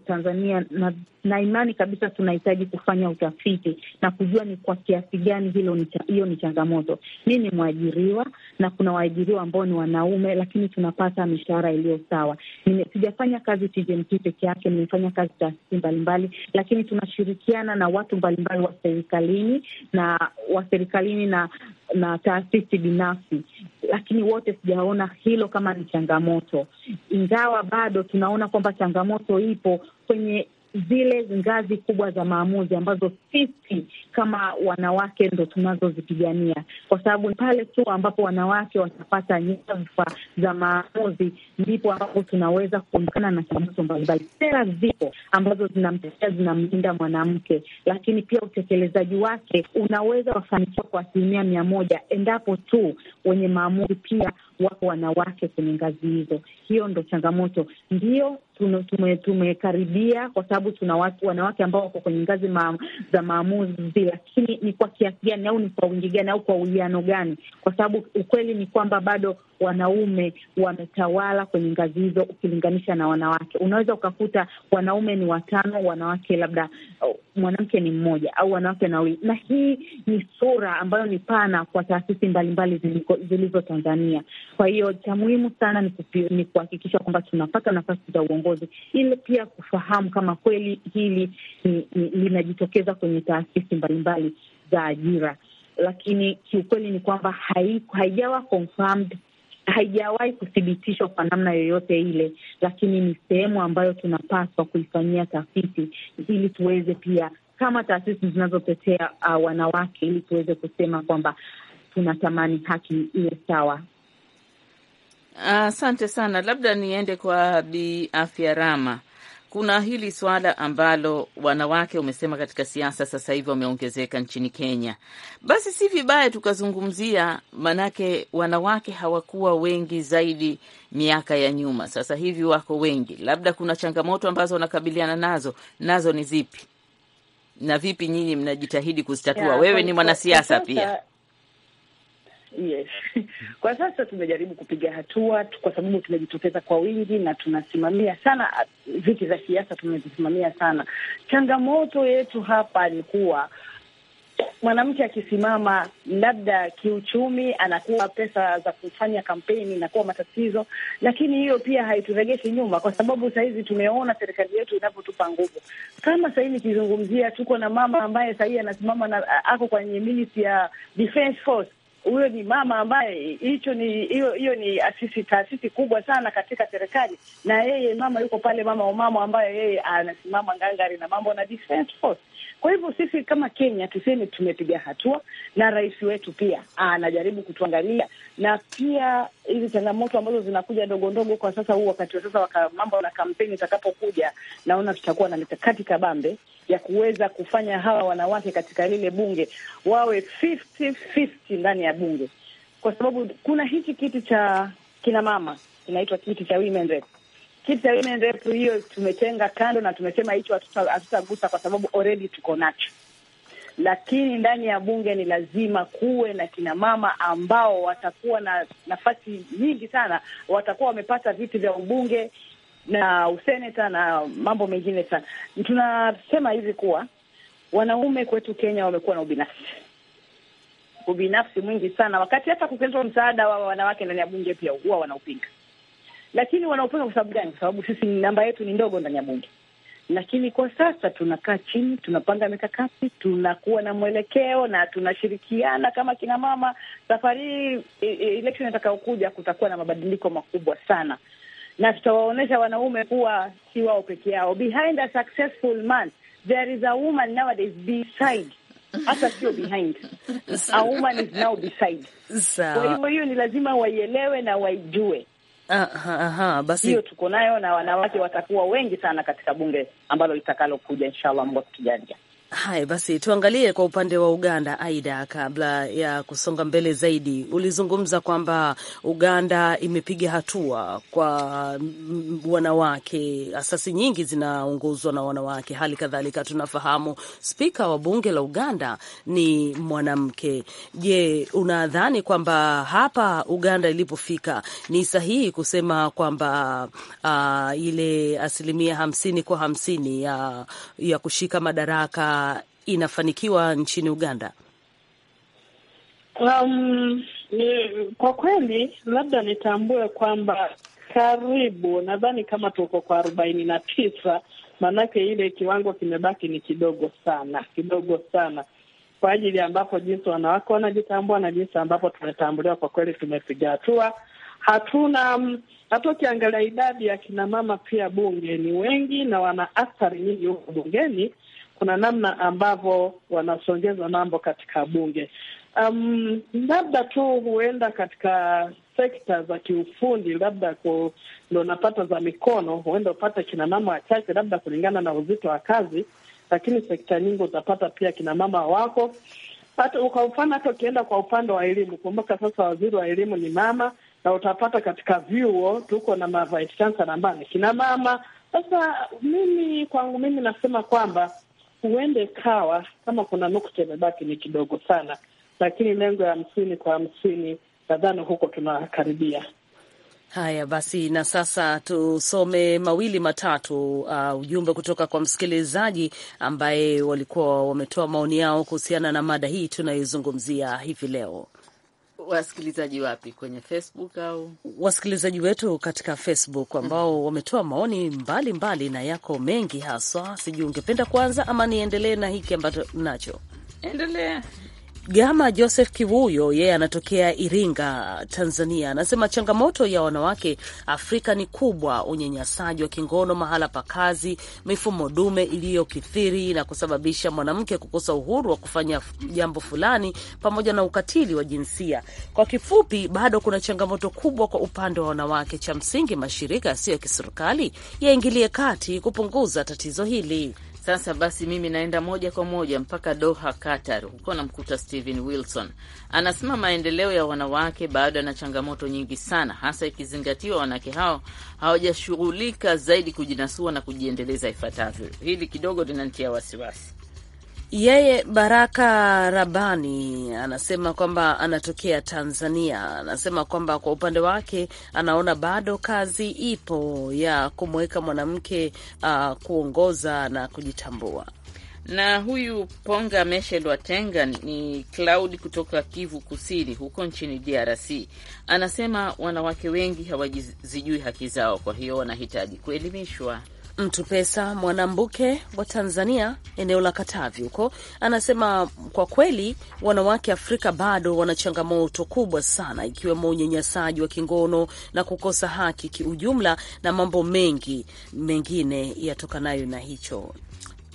Tanzania na na imani kabisa tunahitaji kufanya utafiti na kujua ni kwa kiasi gani hilo hiyo ni changamoto. Mi ni mwajiriwa na kuna waajiriwa ambao ni wanaume, lakini tunapata mishahara iliyo sawa. Sijafanya kazi TGMT peke yake, nimefanya kazi taasisi mbalimbali, lakini tunashirikiana na watu mbalimbali wa serikalini na wa serikalini na na taasisi binafsi, lakini wote sijaona hilo kama ni changamoto, ingawa bado tunaona kwamba changamoto ipo kwenye zile ngazi kubwa za maamuzi ambazo sisi kama wanawake ndo tunazozipigania, kwa sababu pale tu ambapo wanawake watapata nyadhifa za maamuzi ndipo ambapo tunaweza kuondokana na changamoto mbalimbali. Sera zipo ambazo zinamtetea, zinamlinda mwanamke, lakini pia utekelezaji wake unaweza kufanikiwa kwa asilimia mia moja endapo tu wenye maamuzi pia wako wanawake kwenye ngazi hizo. Hiyo ndo changamoto, ndio tumekaribia tume, kwa sababu tuna watu wanawake ambao wako kwenye ngazi ma, za maamuzi, lakini ni kwa kiasi gani au ni kwa wingi gani au kwa uwiano gani? Kwa sababu ukweli ni kwamba bado wanaume wametawala kwenye ngazi hizo ukilinganisha na wanawake. Unaweza ukakuta wanaume ni watano, wanawake labda oh, mwanamke ni mmoja au wanawake na wili na hii ni sura ambayo ni pana kwa taasisi mbalimbali zilizo Tanzania. Kwa hiyo cha muhimu sana ni, kuhakikisha kwamba tunapata nafasi za uongozi, ili pia kufahamu kama kweli hili linajitokeza kwenye taasisi mbalimbali za ajira, lakini kiukweli ni kwamba haijawa confirmed haijawahi kuthibitishwa kwa namna yoyote ile, lakini ni sehemu ambayo tunapaswa kuifanyia tafiti ili tuweze pia kama taasisi zinazotetea uh, wanawake ili tuweze kusema kwamba tunatamani haki iwe sawa Asante uh, sana. Labda niende kwa Bi Afya Rama. Kuna hili swala ambalo wanawake umesema katika siasa sasa hivi wameongezeka nchini Kenya, basi si vibaya tukazungumzia, manake wanawake hawakuwa wengi zaidi miaka ya nyuma, sasa hivi wako wengi. Labda kuna changamoto ambazo wanakabiliana nazo, nazo ni zipi na vipi nyinyi mnajitahidi kuzitatua? Wewe ni mwanasiasa pia. Yes. Kwa sasa tumejaribu kupiga hatua kwa sababu tumejitokeza kwa wingi na tunasimamia sana viti za siasa, tumezisimamia sana. Changamoto yetu hapa ni kuwa mwanamke akisimama labda kiuchumi, anakuwa pesa za kufanya kampeni inakuwa matatizo, lakini hiyo pia haituregeshi nyuma, kwa sababu sahizi tumeona serikali yetu inavyotupa nguvu. Kama sahii nikizungumzia, tuko na mama ambaye sahii anasimama na ako kwenye ministry ya defense force huyo ni mama ambaye hicho ni hiyo hiyo ni asisi taasisi kubwa sana katika serikali, na yeye mama yuko pale, mama umama ambaye yeye anasimama ngangari na mambo na defense force. Kwa hivyo sisi kama Kenya tuseme tumepiga hatua, na rais wetu pia anajaribu kutuangalia, na pia hizi changamoto ambazo zinakuja ndogo ndogo kwa sasa, huu wakati wa sasa, mambo na kampeni itakapokuja, naona tutakuwa na mikakati kabambe ya kuweza kufanya hawa wanawake katika lile bunge wawe 50-50 ndani ya bunge, kwa sababu kuna hiki kiti cha kina mama kinaitwa kiti cha women rep. Kiti cha women rep hiyo tumetenga kando na tumesema hicho hatutagusa kwa sababu already tuko nacho, lakini ndani ya bunge ni lazima kuwe na kina mama ambao watakuwa na nafasi nyingi sana, watakuwa wamepata viti vya ubunge na useneta na mambo mengine sana. Tunasema hivi kuwa wanaume kwetu Kenya wamekuwa na ubinafsi, ubinafsi mwingi sana, wakati hata kukezwa msaada wa wanawake ndani ya bunge pia huwa wanaupinga. Lakini wanaupinga kwa sababu gani? Kwa sababu sisi namba yetu ni ndogo ndani ya bunge. Lakini kwa sasa tunakaa chini, tunapanga mikakati, tunakuwa na mwelekeo na tunashirikiana kama kina mama. Safari hii e, e, election itakayokuja kutakuwa na mabadiliko makubwa sana na tutawaonyesha wanaume kuwa si wao peke yao. Behind a successful man there is a woman nowadays beside hata sio behind a woman is now beside. Kwa hivyo hiyo ni lazima waielewe na waijue. Aha, aha, basi hiyo tuko nayo, na wanawake watakuwa wengi sana katika bunge ambalo litakalokuja, inshallah, Mungu akijalia. Haya basi, tuangalie kwa upande wa Uganda. Aida, kabla ya kusonga mbele zaidi, ulizungumza kwamba Uganda imepiga hatua kwa wanawake, asasi nyingi zinaongozwa na wanawake. Hali kadhalika tunafahamu spika wa bunge la Uganda ni mwanamke. Je, unadhani kwamba hapa Uganda ilipofika ni sahihi kusema kwamba uh, ile asilimia hamsini kwa hamsini ya, ya kushika madaraka Uh, inafanikiwa nchini Uganda? Um, ni, kwa kweli labda nitambue kwamba karibu nadhani kama tuko kwa arobaini na tisa, maanake ile kiwango kimebaki ni kidogo sana, kidogo sana kwa ajili ambapo jinsi wanawake wanajitambua na jinsi ambapo tumetambuliwa, kwa kweli tumepiga hatua. Hatuna um, hata ukiangalia idadi ya kina mama pia bunge ni wengi na wana athari nyingi huko bungeni, kuna namna ambavyo wanasongeza mambo katika bunge. Um, labda tu huenda katika sekta za kiufundi labda ndo napata za mikono, huenda upata kina mama wachache, labda kulingana na uzito wa kazi, lakini sekta nyingi utapata pia kina mama wako. kwa mfano, hata ukienda kwa upande wa elimu, kumbuka sasa waziri wa elimu ni mama, na utapata katika vyuo tuko na ma vice chancellor ambaye ni kina mama. Sasa mimi kwangu mimi nasema kwamba huende kawa kama kuna nukta imebaki ni kidogo sana, lakini lengo ya hamsini kwa hamsini nadhani huko tunakaribia. Haya basi, na sasa tusome mawili matatu, uh, ujumbe kutoka kwa msikilizaji ambaye walikuwa wametoa maoni yao kuhusiana na mada hii tunayoizungumzia hivi leo wasikilizaji wapi? Kwenye Facebook au wasikilizaji wetu katika Facebook ambao mm-hmm. wametoa maoni mbalimbali mbali na yako mengi haswa. Sijui ungependa kuanza ama niendelee na hiki ambacho nacho? Endelea. Gama Joseph Kivuyo yeye yeah, anatokea Iringa, Tanzania, anasema changamoto ya wanawake Afrika ni kubwa: unyanyasaji wa kingono mahala pa kazi, mifumo dume iliyokithiri na kusababisha mwanamke kukosa uhuru wa kufanya jambo fulani, pamoja na ukatili wa jinsia. Kwa kifupi, bado kuna changamoto kubwa kwa upande wa wanawake. Cha msingi, mashirika yasiyo ya kiserikali yaingilie kati kupunguza tatizo hili. Sasa basi, mimi naenda moja kwa moja mpaka Doha, Qatar. Huko namkuta Stephen Wilson, anasema maendeleo ya wanawake bado yana changamoto nyingi sana, hasa ikizingatiwa wanawake hao hawajashughulika zaidi kujinasua na kujiendeleza ifuatavyo. Hili kidogo linanitia wasiwasi. Yeye Baraka Rabani anasema kwamba anatokea Tanzania. Anasema kwamba kwa upande wake anaona bado kazi ipo ya kumweka mwanamke uh, kuongoza na kujitambua. Na huyu Ponga Meshel Watenga ni Cloud kutoka Kivu Kusini huko nchini DRC, anasema wanawake wengi hawazijui haki zao, kwa hiyo wanahitaji kuelimishwa. Mtu Pesa Mwanambuke wa Tanzania, eneo la Katavi huko, anasema kwa kweli wanawake Afrika bado wana changamoto kubwa sana, ikiwemo unyanyasaji wa kingono na kukosa haki kiujumla na mambo mengi mengine yatokanayo na hicho.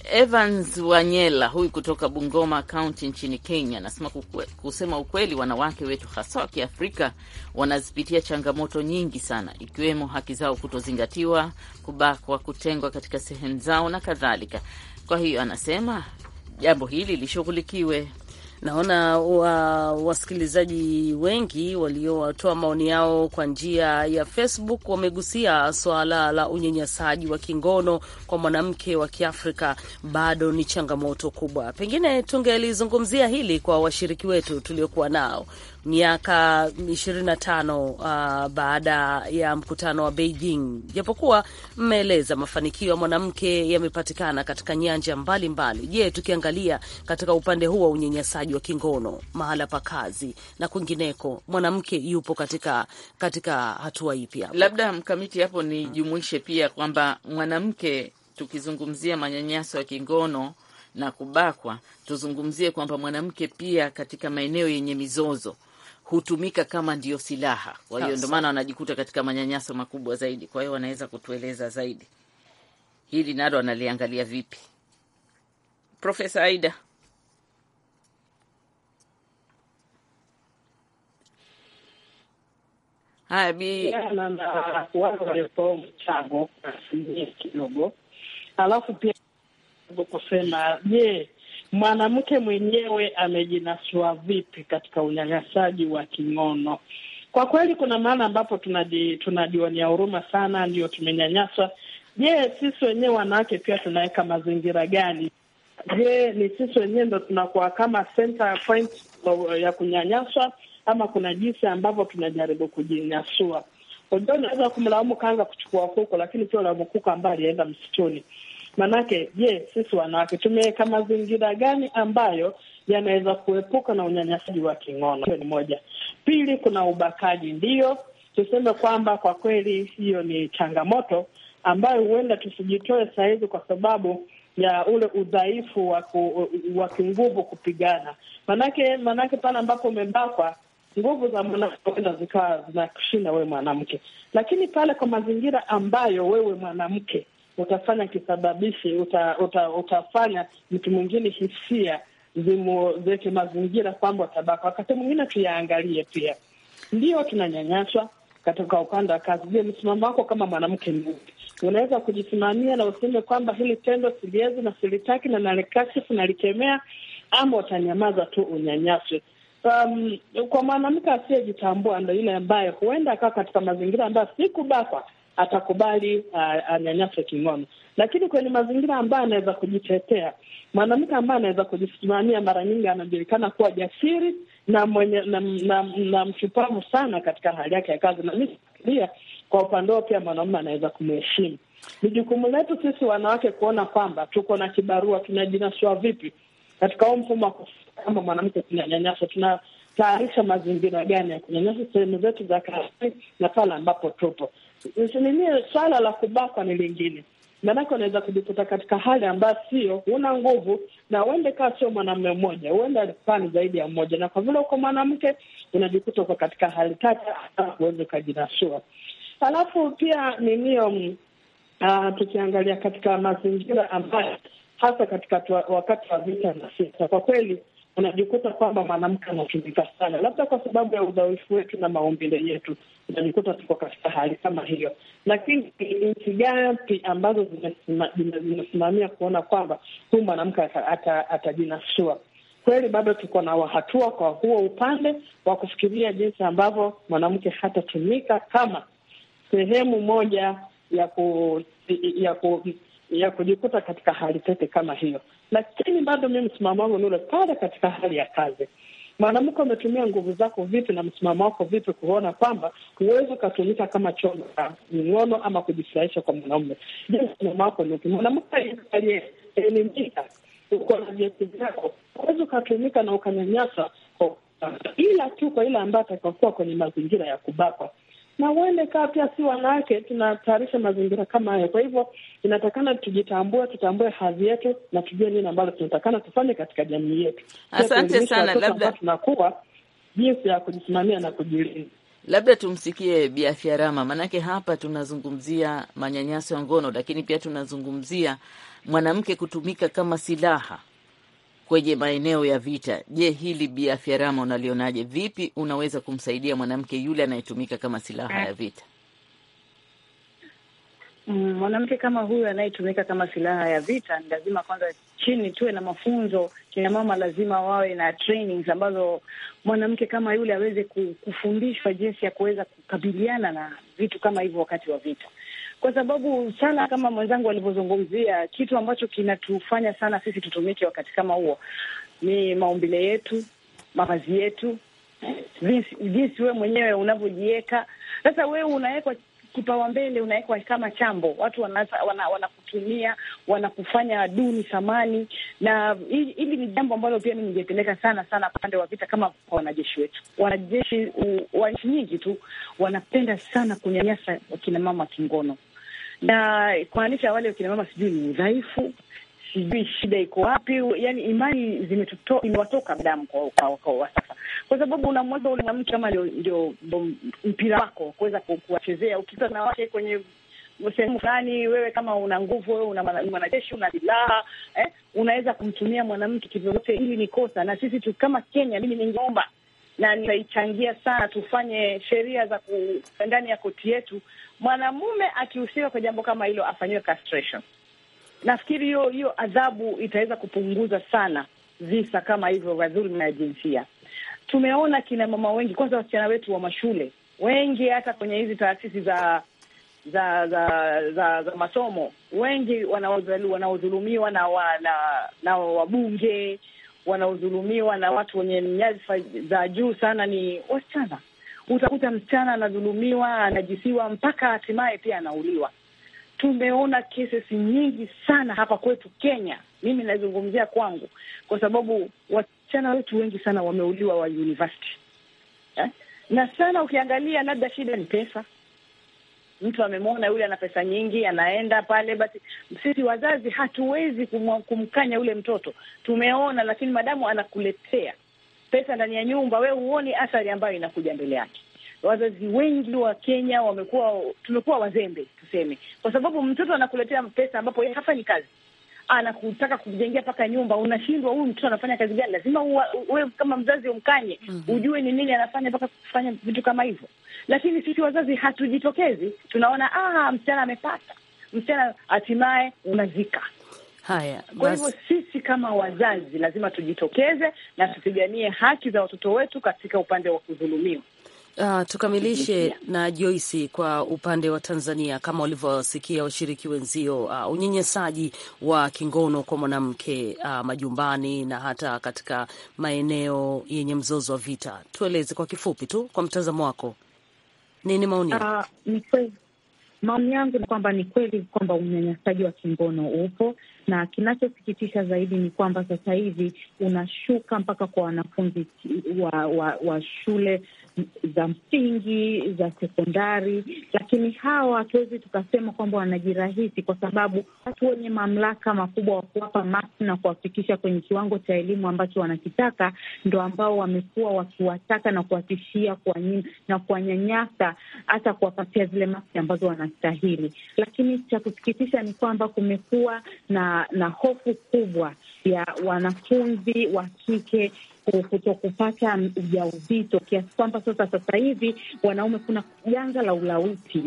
Evans Wanyela huyu kutoka Bungoma Kaunti nchini Kenya anasema kusema ukweli, wanawake wetu hasa wa Kiafrika wanazipitia changamoto nyingi sana, ikiwemo haki zao kutozingatiwa, kubakwa, kutengwa katika sehemu zao na kadhalika. Kwa hiyo anasema jambo hili lishughulikiwe. Naona wa, wasikilizaji wengi waliotoa maoni yao kwa njia ya Facebook wamegusia suala la unyanyasaji wa kingono kwa mwanamke wa Kiafrika bado ni changamoto kubwa. Pengine tungelizungumzia hili kwa washiriki wetu tuliokuwa nao miaka 25 uh, baada ya mkutano wa Beijing. Japokuwa mmeeleza mafanikio ya mwanamke yamepatikana katika nyanja mbalimbali, je, tukiangalia katika upande huu wa unyanyasaji wa kingono mahala pa kazi na kwingineko, mwanamke yupo katika, katika hatua ipi hapo? Labda mkamiti hapo nijumuishe pia kwamba mwanamke tukizungumzia manyanyaso ya kingono na kubakwa, tuzungumzie kwamba mwanamke pia katika maeneo yenye mizozo hutumika kama ndio silaha, kwa hiyo ndio maana wanajikuta katika manyanyaso makubwa zaidi. Kwa hiyo wanaweza kutueleza zaidi hili nalo analiangalia vipi Profesa Aida? Haya, bi wale mchango asilimia kidogo, alafu pia kusema je mwanamke mwenyewe amejinasua vipi katika unyanyasaji wa kingono. Kwa kweli kuna maana ambapo tunaji, tunajiwania huruma sana, ndio tumenyanyaswa. Je, sisi wenyewe wanawake pia tunaweka mazingira gani? Je, ni sisi wenyewe ndo tunakuwa kama center point ya kunyanyaswa ama kuna jinsi ambavyo tunajaribu kujinyasua? Unajua, unaweza kumlaumu kanga kuchukua kuku, lakini pia ulaumu kuku ambaye alienda msituni. Manake je, sisi wanawake tumeweka mazingira gani ambayo yanaweza kuepuka na unyanyasaji wa kingono? Hiyo ni moja. Pili, kuna ubakaji. Ndiyo tuseme kwamba kwa kweli hiyo ni changamoto ambayo huenda tusijitoe sahizi kwa sababu ya ule udhaifu wa wa kinguvu kupigana. Manake manake pale ambapo umebakwa nguvu za mwanamke huenda zikawa zinakushinda wewe mwanamke, lakini pale kwa mazingira ambayo wewe mwanamke utafanya kisababishi, uta, uta, utafanya mtu mwingine hisia zimuweke mazingira kwamba tabaka. Wakati mwingine tuyaangalie pia, ndio tunanyanyaswa katika upande wa kazi. Je, msimamo wako kama mwanamke ni upi? Unaweza kujisimamia na useme kwamba hili tendo siliwezi na silitaki na nalikashifu, nalikemea, ama utanyamaza tu unyanyaswe? Um, kwa mwanamke asiyejitambua ndo yule ambaye huenda akawa katika mazingira ambayo sikubakwa atakubali anyanyaswe kingono, lakini kwenye mazingira ambayo anaweza kujitetea, mwanamke ambaye anaweza kujisimamia mara nyingi anajulikana kuwa jasiri na mwenye na, na, na mshupavu sana katika hali yake ya kazi, na mimi kwa upande huo pia mwanaume anaweza kumheshimu. Ni jukumu letu sisi wanawake kuona kwamba tuko na kibarua, tunajinasua vipi katika huu mfumo wa kama mwanamke tunanyanyaswa, tunatayarisha mazingira gani ya kunyanyasa sehemu zetu za kazi na pale ambapo tupo Usililie swala la kubakwa ni lingine, maanake unaweza kujikuta katika hali ambayo sio, huna nguvu na uende kaa sio mwanamume mmoja, uende alikuwa ni zaidi ya mmoja, na kwa vile uko mwanamke unajikuta uko katika hali tata, uweze ukajinasua. Halafu pia ninio Uh, um, ah, tukiangalia katika mazingira ambayo hasa katika wakati wa vita na sita, kwa kweli unajikuta kwamba mwanamke anatumika sana, labda kwa sababu ya udhaifu wetu na maumbile yetu, unajikuta tuko katika hali kama hiyo. Lakini nchi gapi ambazo zimesimamia kuona kwamba huyu mwanamke atajinasua? ata, ata kweli bado tuko na wahatua kwa huo upande wa kufikiria jinsi ambavyo mwanamke hatatumika kama sehemu moja ya ku, ya ku, ya kujikuta katika hali tete kama hiyo. Lakini bado mi msimamo wangu ni ule pale katika hali ya kazi mwanamke umetumia nguvu zako vipi na msimamo wako vipi kuona kwamba huwezi ukatumika kama chombo cha ngono ama kujifurahisha kwa mwanaume. Je, msimamo wako ni upi? Mwanamke aliyeelimika, uko na vyeti vyako, huwezi ukatumika na ukanyanyasa, ila tu kwa ile ambayo atakakuwa kwenye mazingira ya kubakwa na uende kaa pia si wanawake tunatayarisha mazingira kama hayo. Kwa hivyo inatakana tujitambue, tutambue hadhi yetu na tujue nini ambalo tunatakana tufanye katika jamii yetu. Asante sana, labda tunakuwa jinsi ya kujisimamia na kujilinda. Labda tumsikie Bi Rama, maanake hapa tunazungumzia manyanyaso ya ngono, lakini pia tunazungumzia mwanamke kutumika kama silaha kwenye maeneo ya vita. Je, hili biafyarama Rama unalionaje? Vipi unaweza kumsaidia mwanamke yule anayetumika kama silaha ya vita? Mm, mwanamke kama huyu anayetumika kama silaha ya vita, ni lazima kwanza chini tuwe na mafunzo. Kina mama lazima wawe na trainings ambazo mwanamke kama yule aweze kufundishwa jinsi ya kuweza kukabiliana na vitu kama hivyo wakati wa vita kwa sababu sana, kama mwenzangu alivyozungumzia, kitu ambacho kinatufanya sana sisi tutumike wakati kama huo ni maumbile yetu, mavazi yetu, eh, jinsi wewe mwenyewe unavyojiweka. Sasa wewe unawekwa kipawa mbele, unawekwa kama chambo, watu wanakutumia, wana, wanakufanya duni thamani, na hili ni jambo ambalo pia mi ningepeleka sana sana upande wa vita, kama kwa wanajeshi wetu. Wanajeshi wa nchi nyingi tu wanapenda sana kunyanyasa wakinamama kingono na kuanisha wale wakina mama sijui ni udhaifu, sijui shida iko wapi. Yani imani imewatoka damu kwa sasa kwa sababu unamweka ule mwanamke kama ndio mpira wako kuweza kuwachezea. Ukiwa na wake kwenye sehemu fulani, wewe kama una nguvu, wewe una mwanajeshi, una silaha eh, unaweza kumtumia mwanamke kivyovyote. Hili ni kosa, na sisi tu kama Kenya, mimi ningeomba na nitaichangia sana tufanye sheria za ku, ndani ya koti yetu, mwanamume akihusika kwa jambo kama hilo afanyiwe castration. Nafikiri hiyo hiyo adhabu itaweza kupunguza sana visa kama hivyo vya dhuluma ya jinsia. Tumeona kina mama wengi, kwanza wasichana wetu wa mashule wengi, hata kwenye hizi taasisi za za za za za masomo, wengi wanaodhulumiwa na, na, na wabunge wanaodhulumiwa na watu wenye nyadhifa za juu sana ni wasichana. Utakuta msichana anadhulumiwa, anajisiwa mpaka hatimaye pia anauliwa. Tumeona kesi nyingi sana hapa kwetu Kenya, mimi nazungumzia kwangu, kwa sababu wasichana wetu wengi sana wameuliwa wa university eh? na sana ukiangalia, labda shida ni pesa mtu amemwona yule ana pesa nyingi, anaenda pale, basi sisi wazazi hatuwezi kumkanya yule mtoto. Tumeona, lakini madamu anakuletea pesa ndani ya nyumba, we huoni athari ambayo inakuja mbele yake. Wazazi wengi wa Kenya wamekuwa, tumekuwa wazembe tuseme, kwa sababu mtoto anakuletea pesa ambapo yeye hafanyi kazi anakutaka kujengea mpaka nyumba, unashindwa. Huyu mtoto anafanya kazi gani? Lazima wewe kama mzazi umkanye, mm -hmm. ujue ni nini anafanya mpaka kufanya vitu kama hivyo. Lakini sisi wazazi hatujitokezi, tunaona ah, msichana amepata, msichana hatimaye unazika Haya, kwa hivyo sisi kama wazazi lazima tujitokeze na tupiganie haki za watoto wetu katika upande wa kudhulumiwa. Uh, tukamilishe na Joyce, kwa upande wa Tanzania kama ulivyowasikia washiriki wenzio, uh, unyenyesaji wa kingono kwa mwanamke uh, majumbani na hata katika maeneo yenye mzozo wa vita, tueleze kwa kifupi tu, kwa mtazamo wako nini maoni yako? Uh, maoni yangu ni kwamba ni kweli kwamba unyanyasaji wa kingono upo, na kinachosikitisha zaidi ni kwamba sasa hivi unashuka mpaka kwa wanafunzi wa, wa, wa shule za msingi, za sekondari, lakini hawa hatuwezi tukasema kwamba wanajirahisi, kwa sababu watu wenye mamlaka makubwa wa kuwapa maki na kuwafikisha kwenye kiwango cha elimu ambacho wanakitaka ndo ambao wamekuwa wakiwataka na kuwatishia na kuwanyanyasa, hata kuwapatia zile masi ambazo wanastahili. Lakini cha kusikitisha ni kwamba kumekuwa na na hofu kubwa ya wanafunzi wa kike kuto kupata ujauzito, kiasi kwamba sasa sasa hivi wanaume, kuna janga la ulauti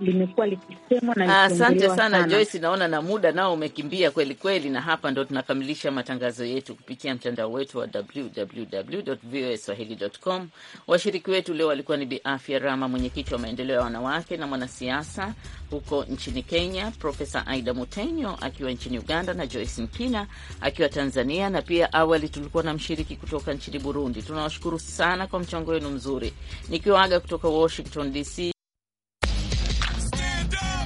limekuwa likisemwa na. Asante sana Joyce, naona na muda nao umekimbia kweli kweli, na hapa ndo tunakamilisha matangazo yetu kupitia mtandao wetu wa www.voaswahili.com. Washiriki wetu leo walikuwa ni Biafya Rama, mwenyekiti wa maendeleo ya wanawake na mwanasiasa huko nchini Kenya, Profesa Aida Mutenyo akiwa nchini Uganda na Joyce mkina akiwa Tanzania, na pia awali tulikuwa na mshiriki kutoka nchini Burundi. Tunawashukuru sana kwa mchango wenu mzuri. Nikiwaaga kutoka Washington DC,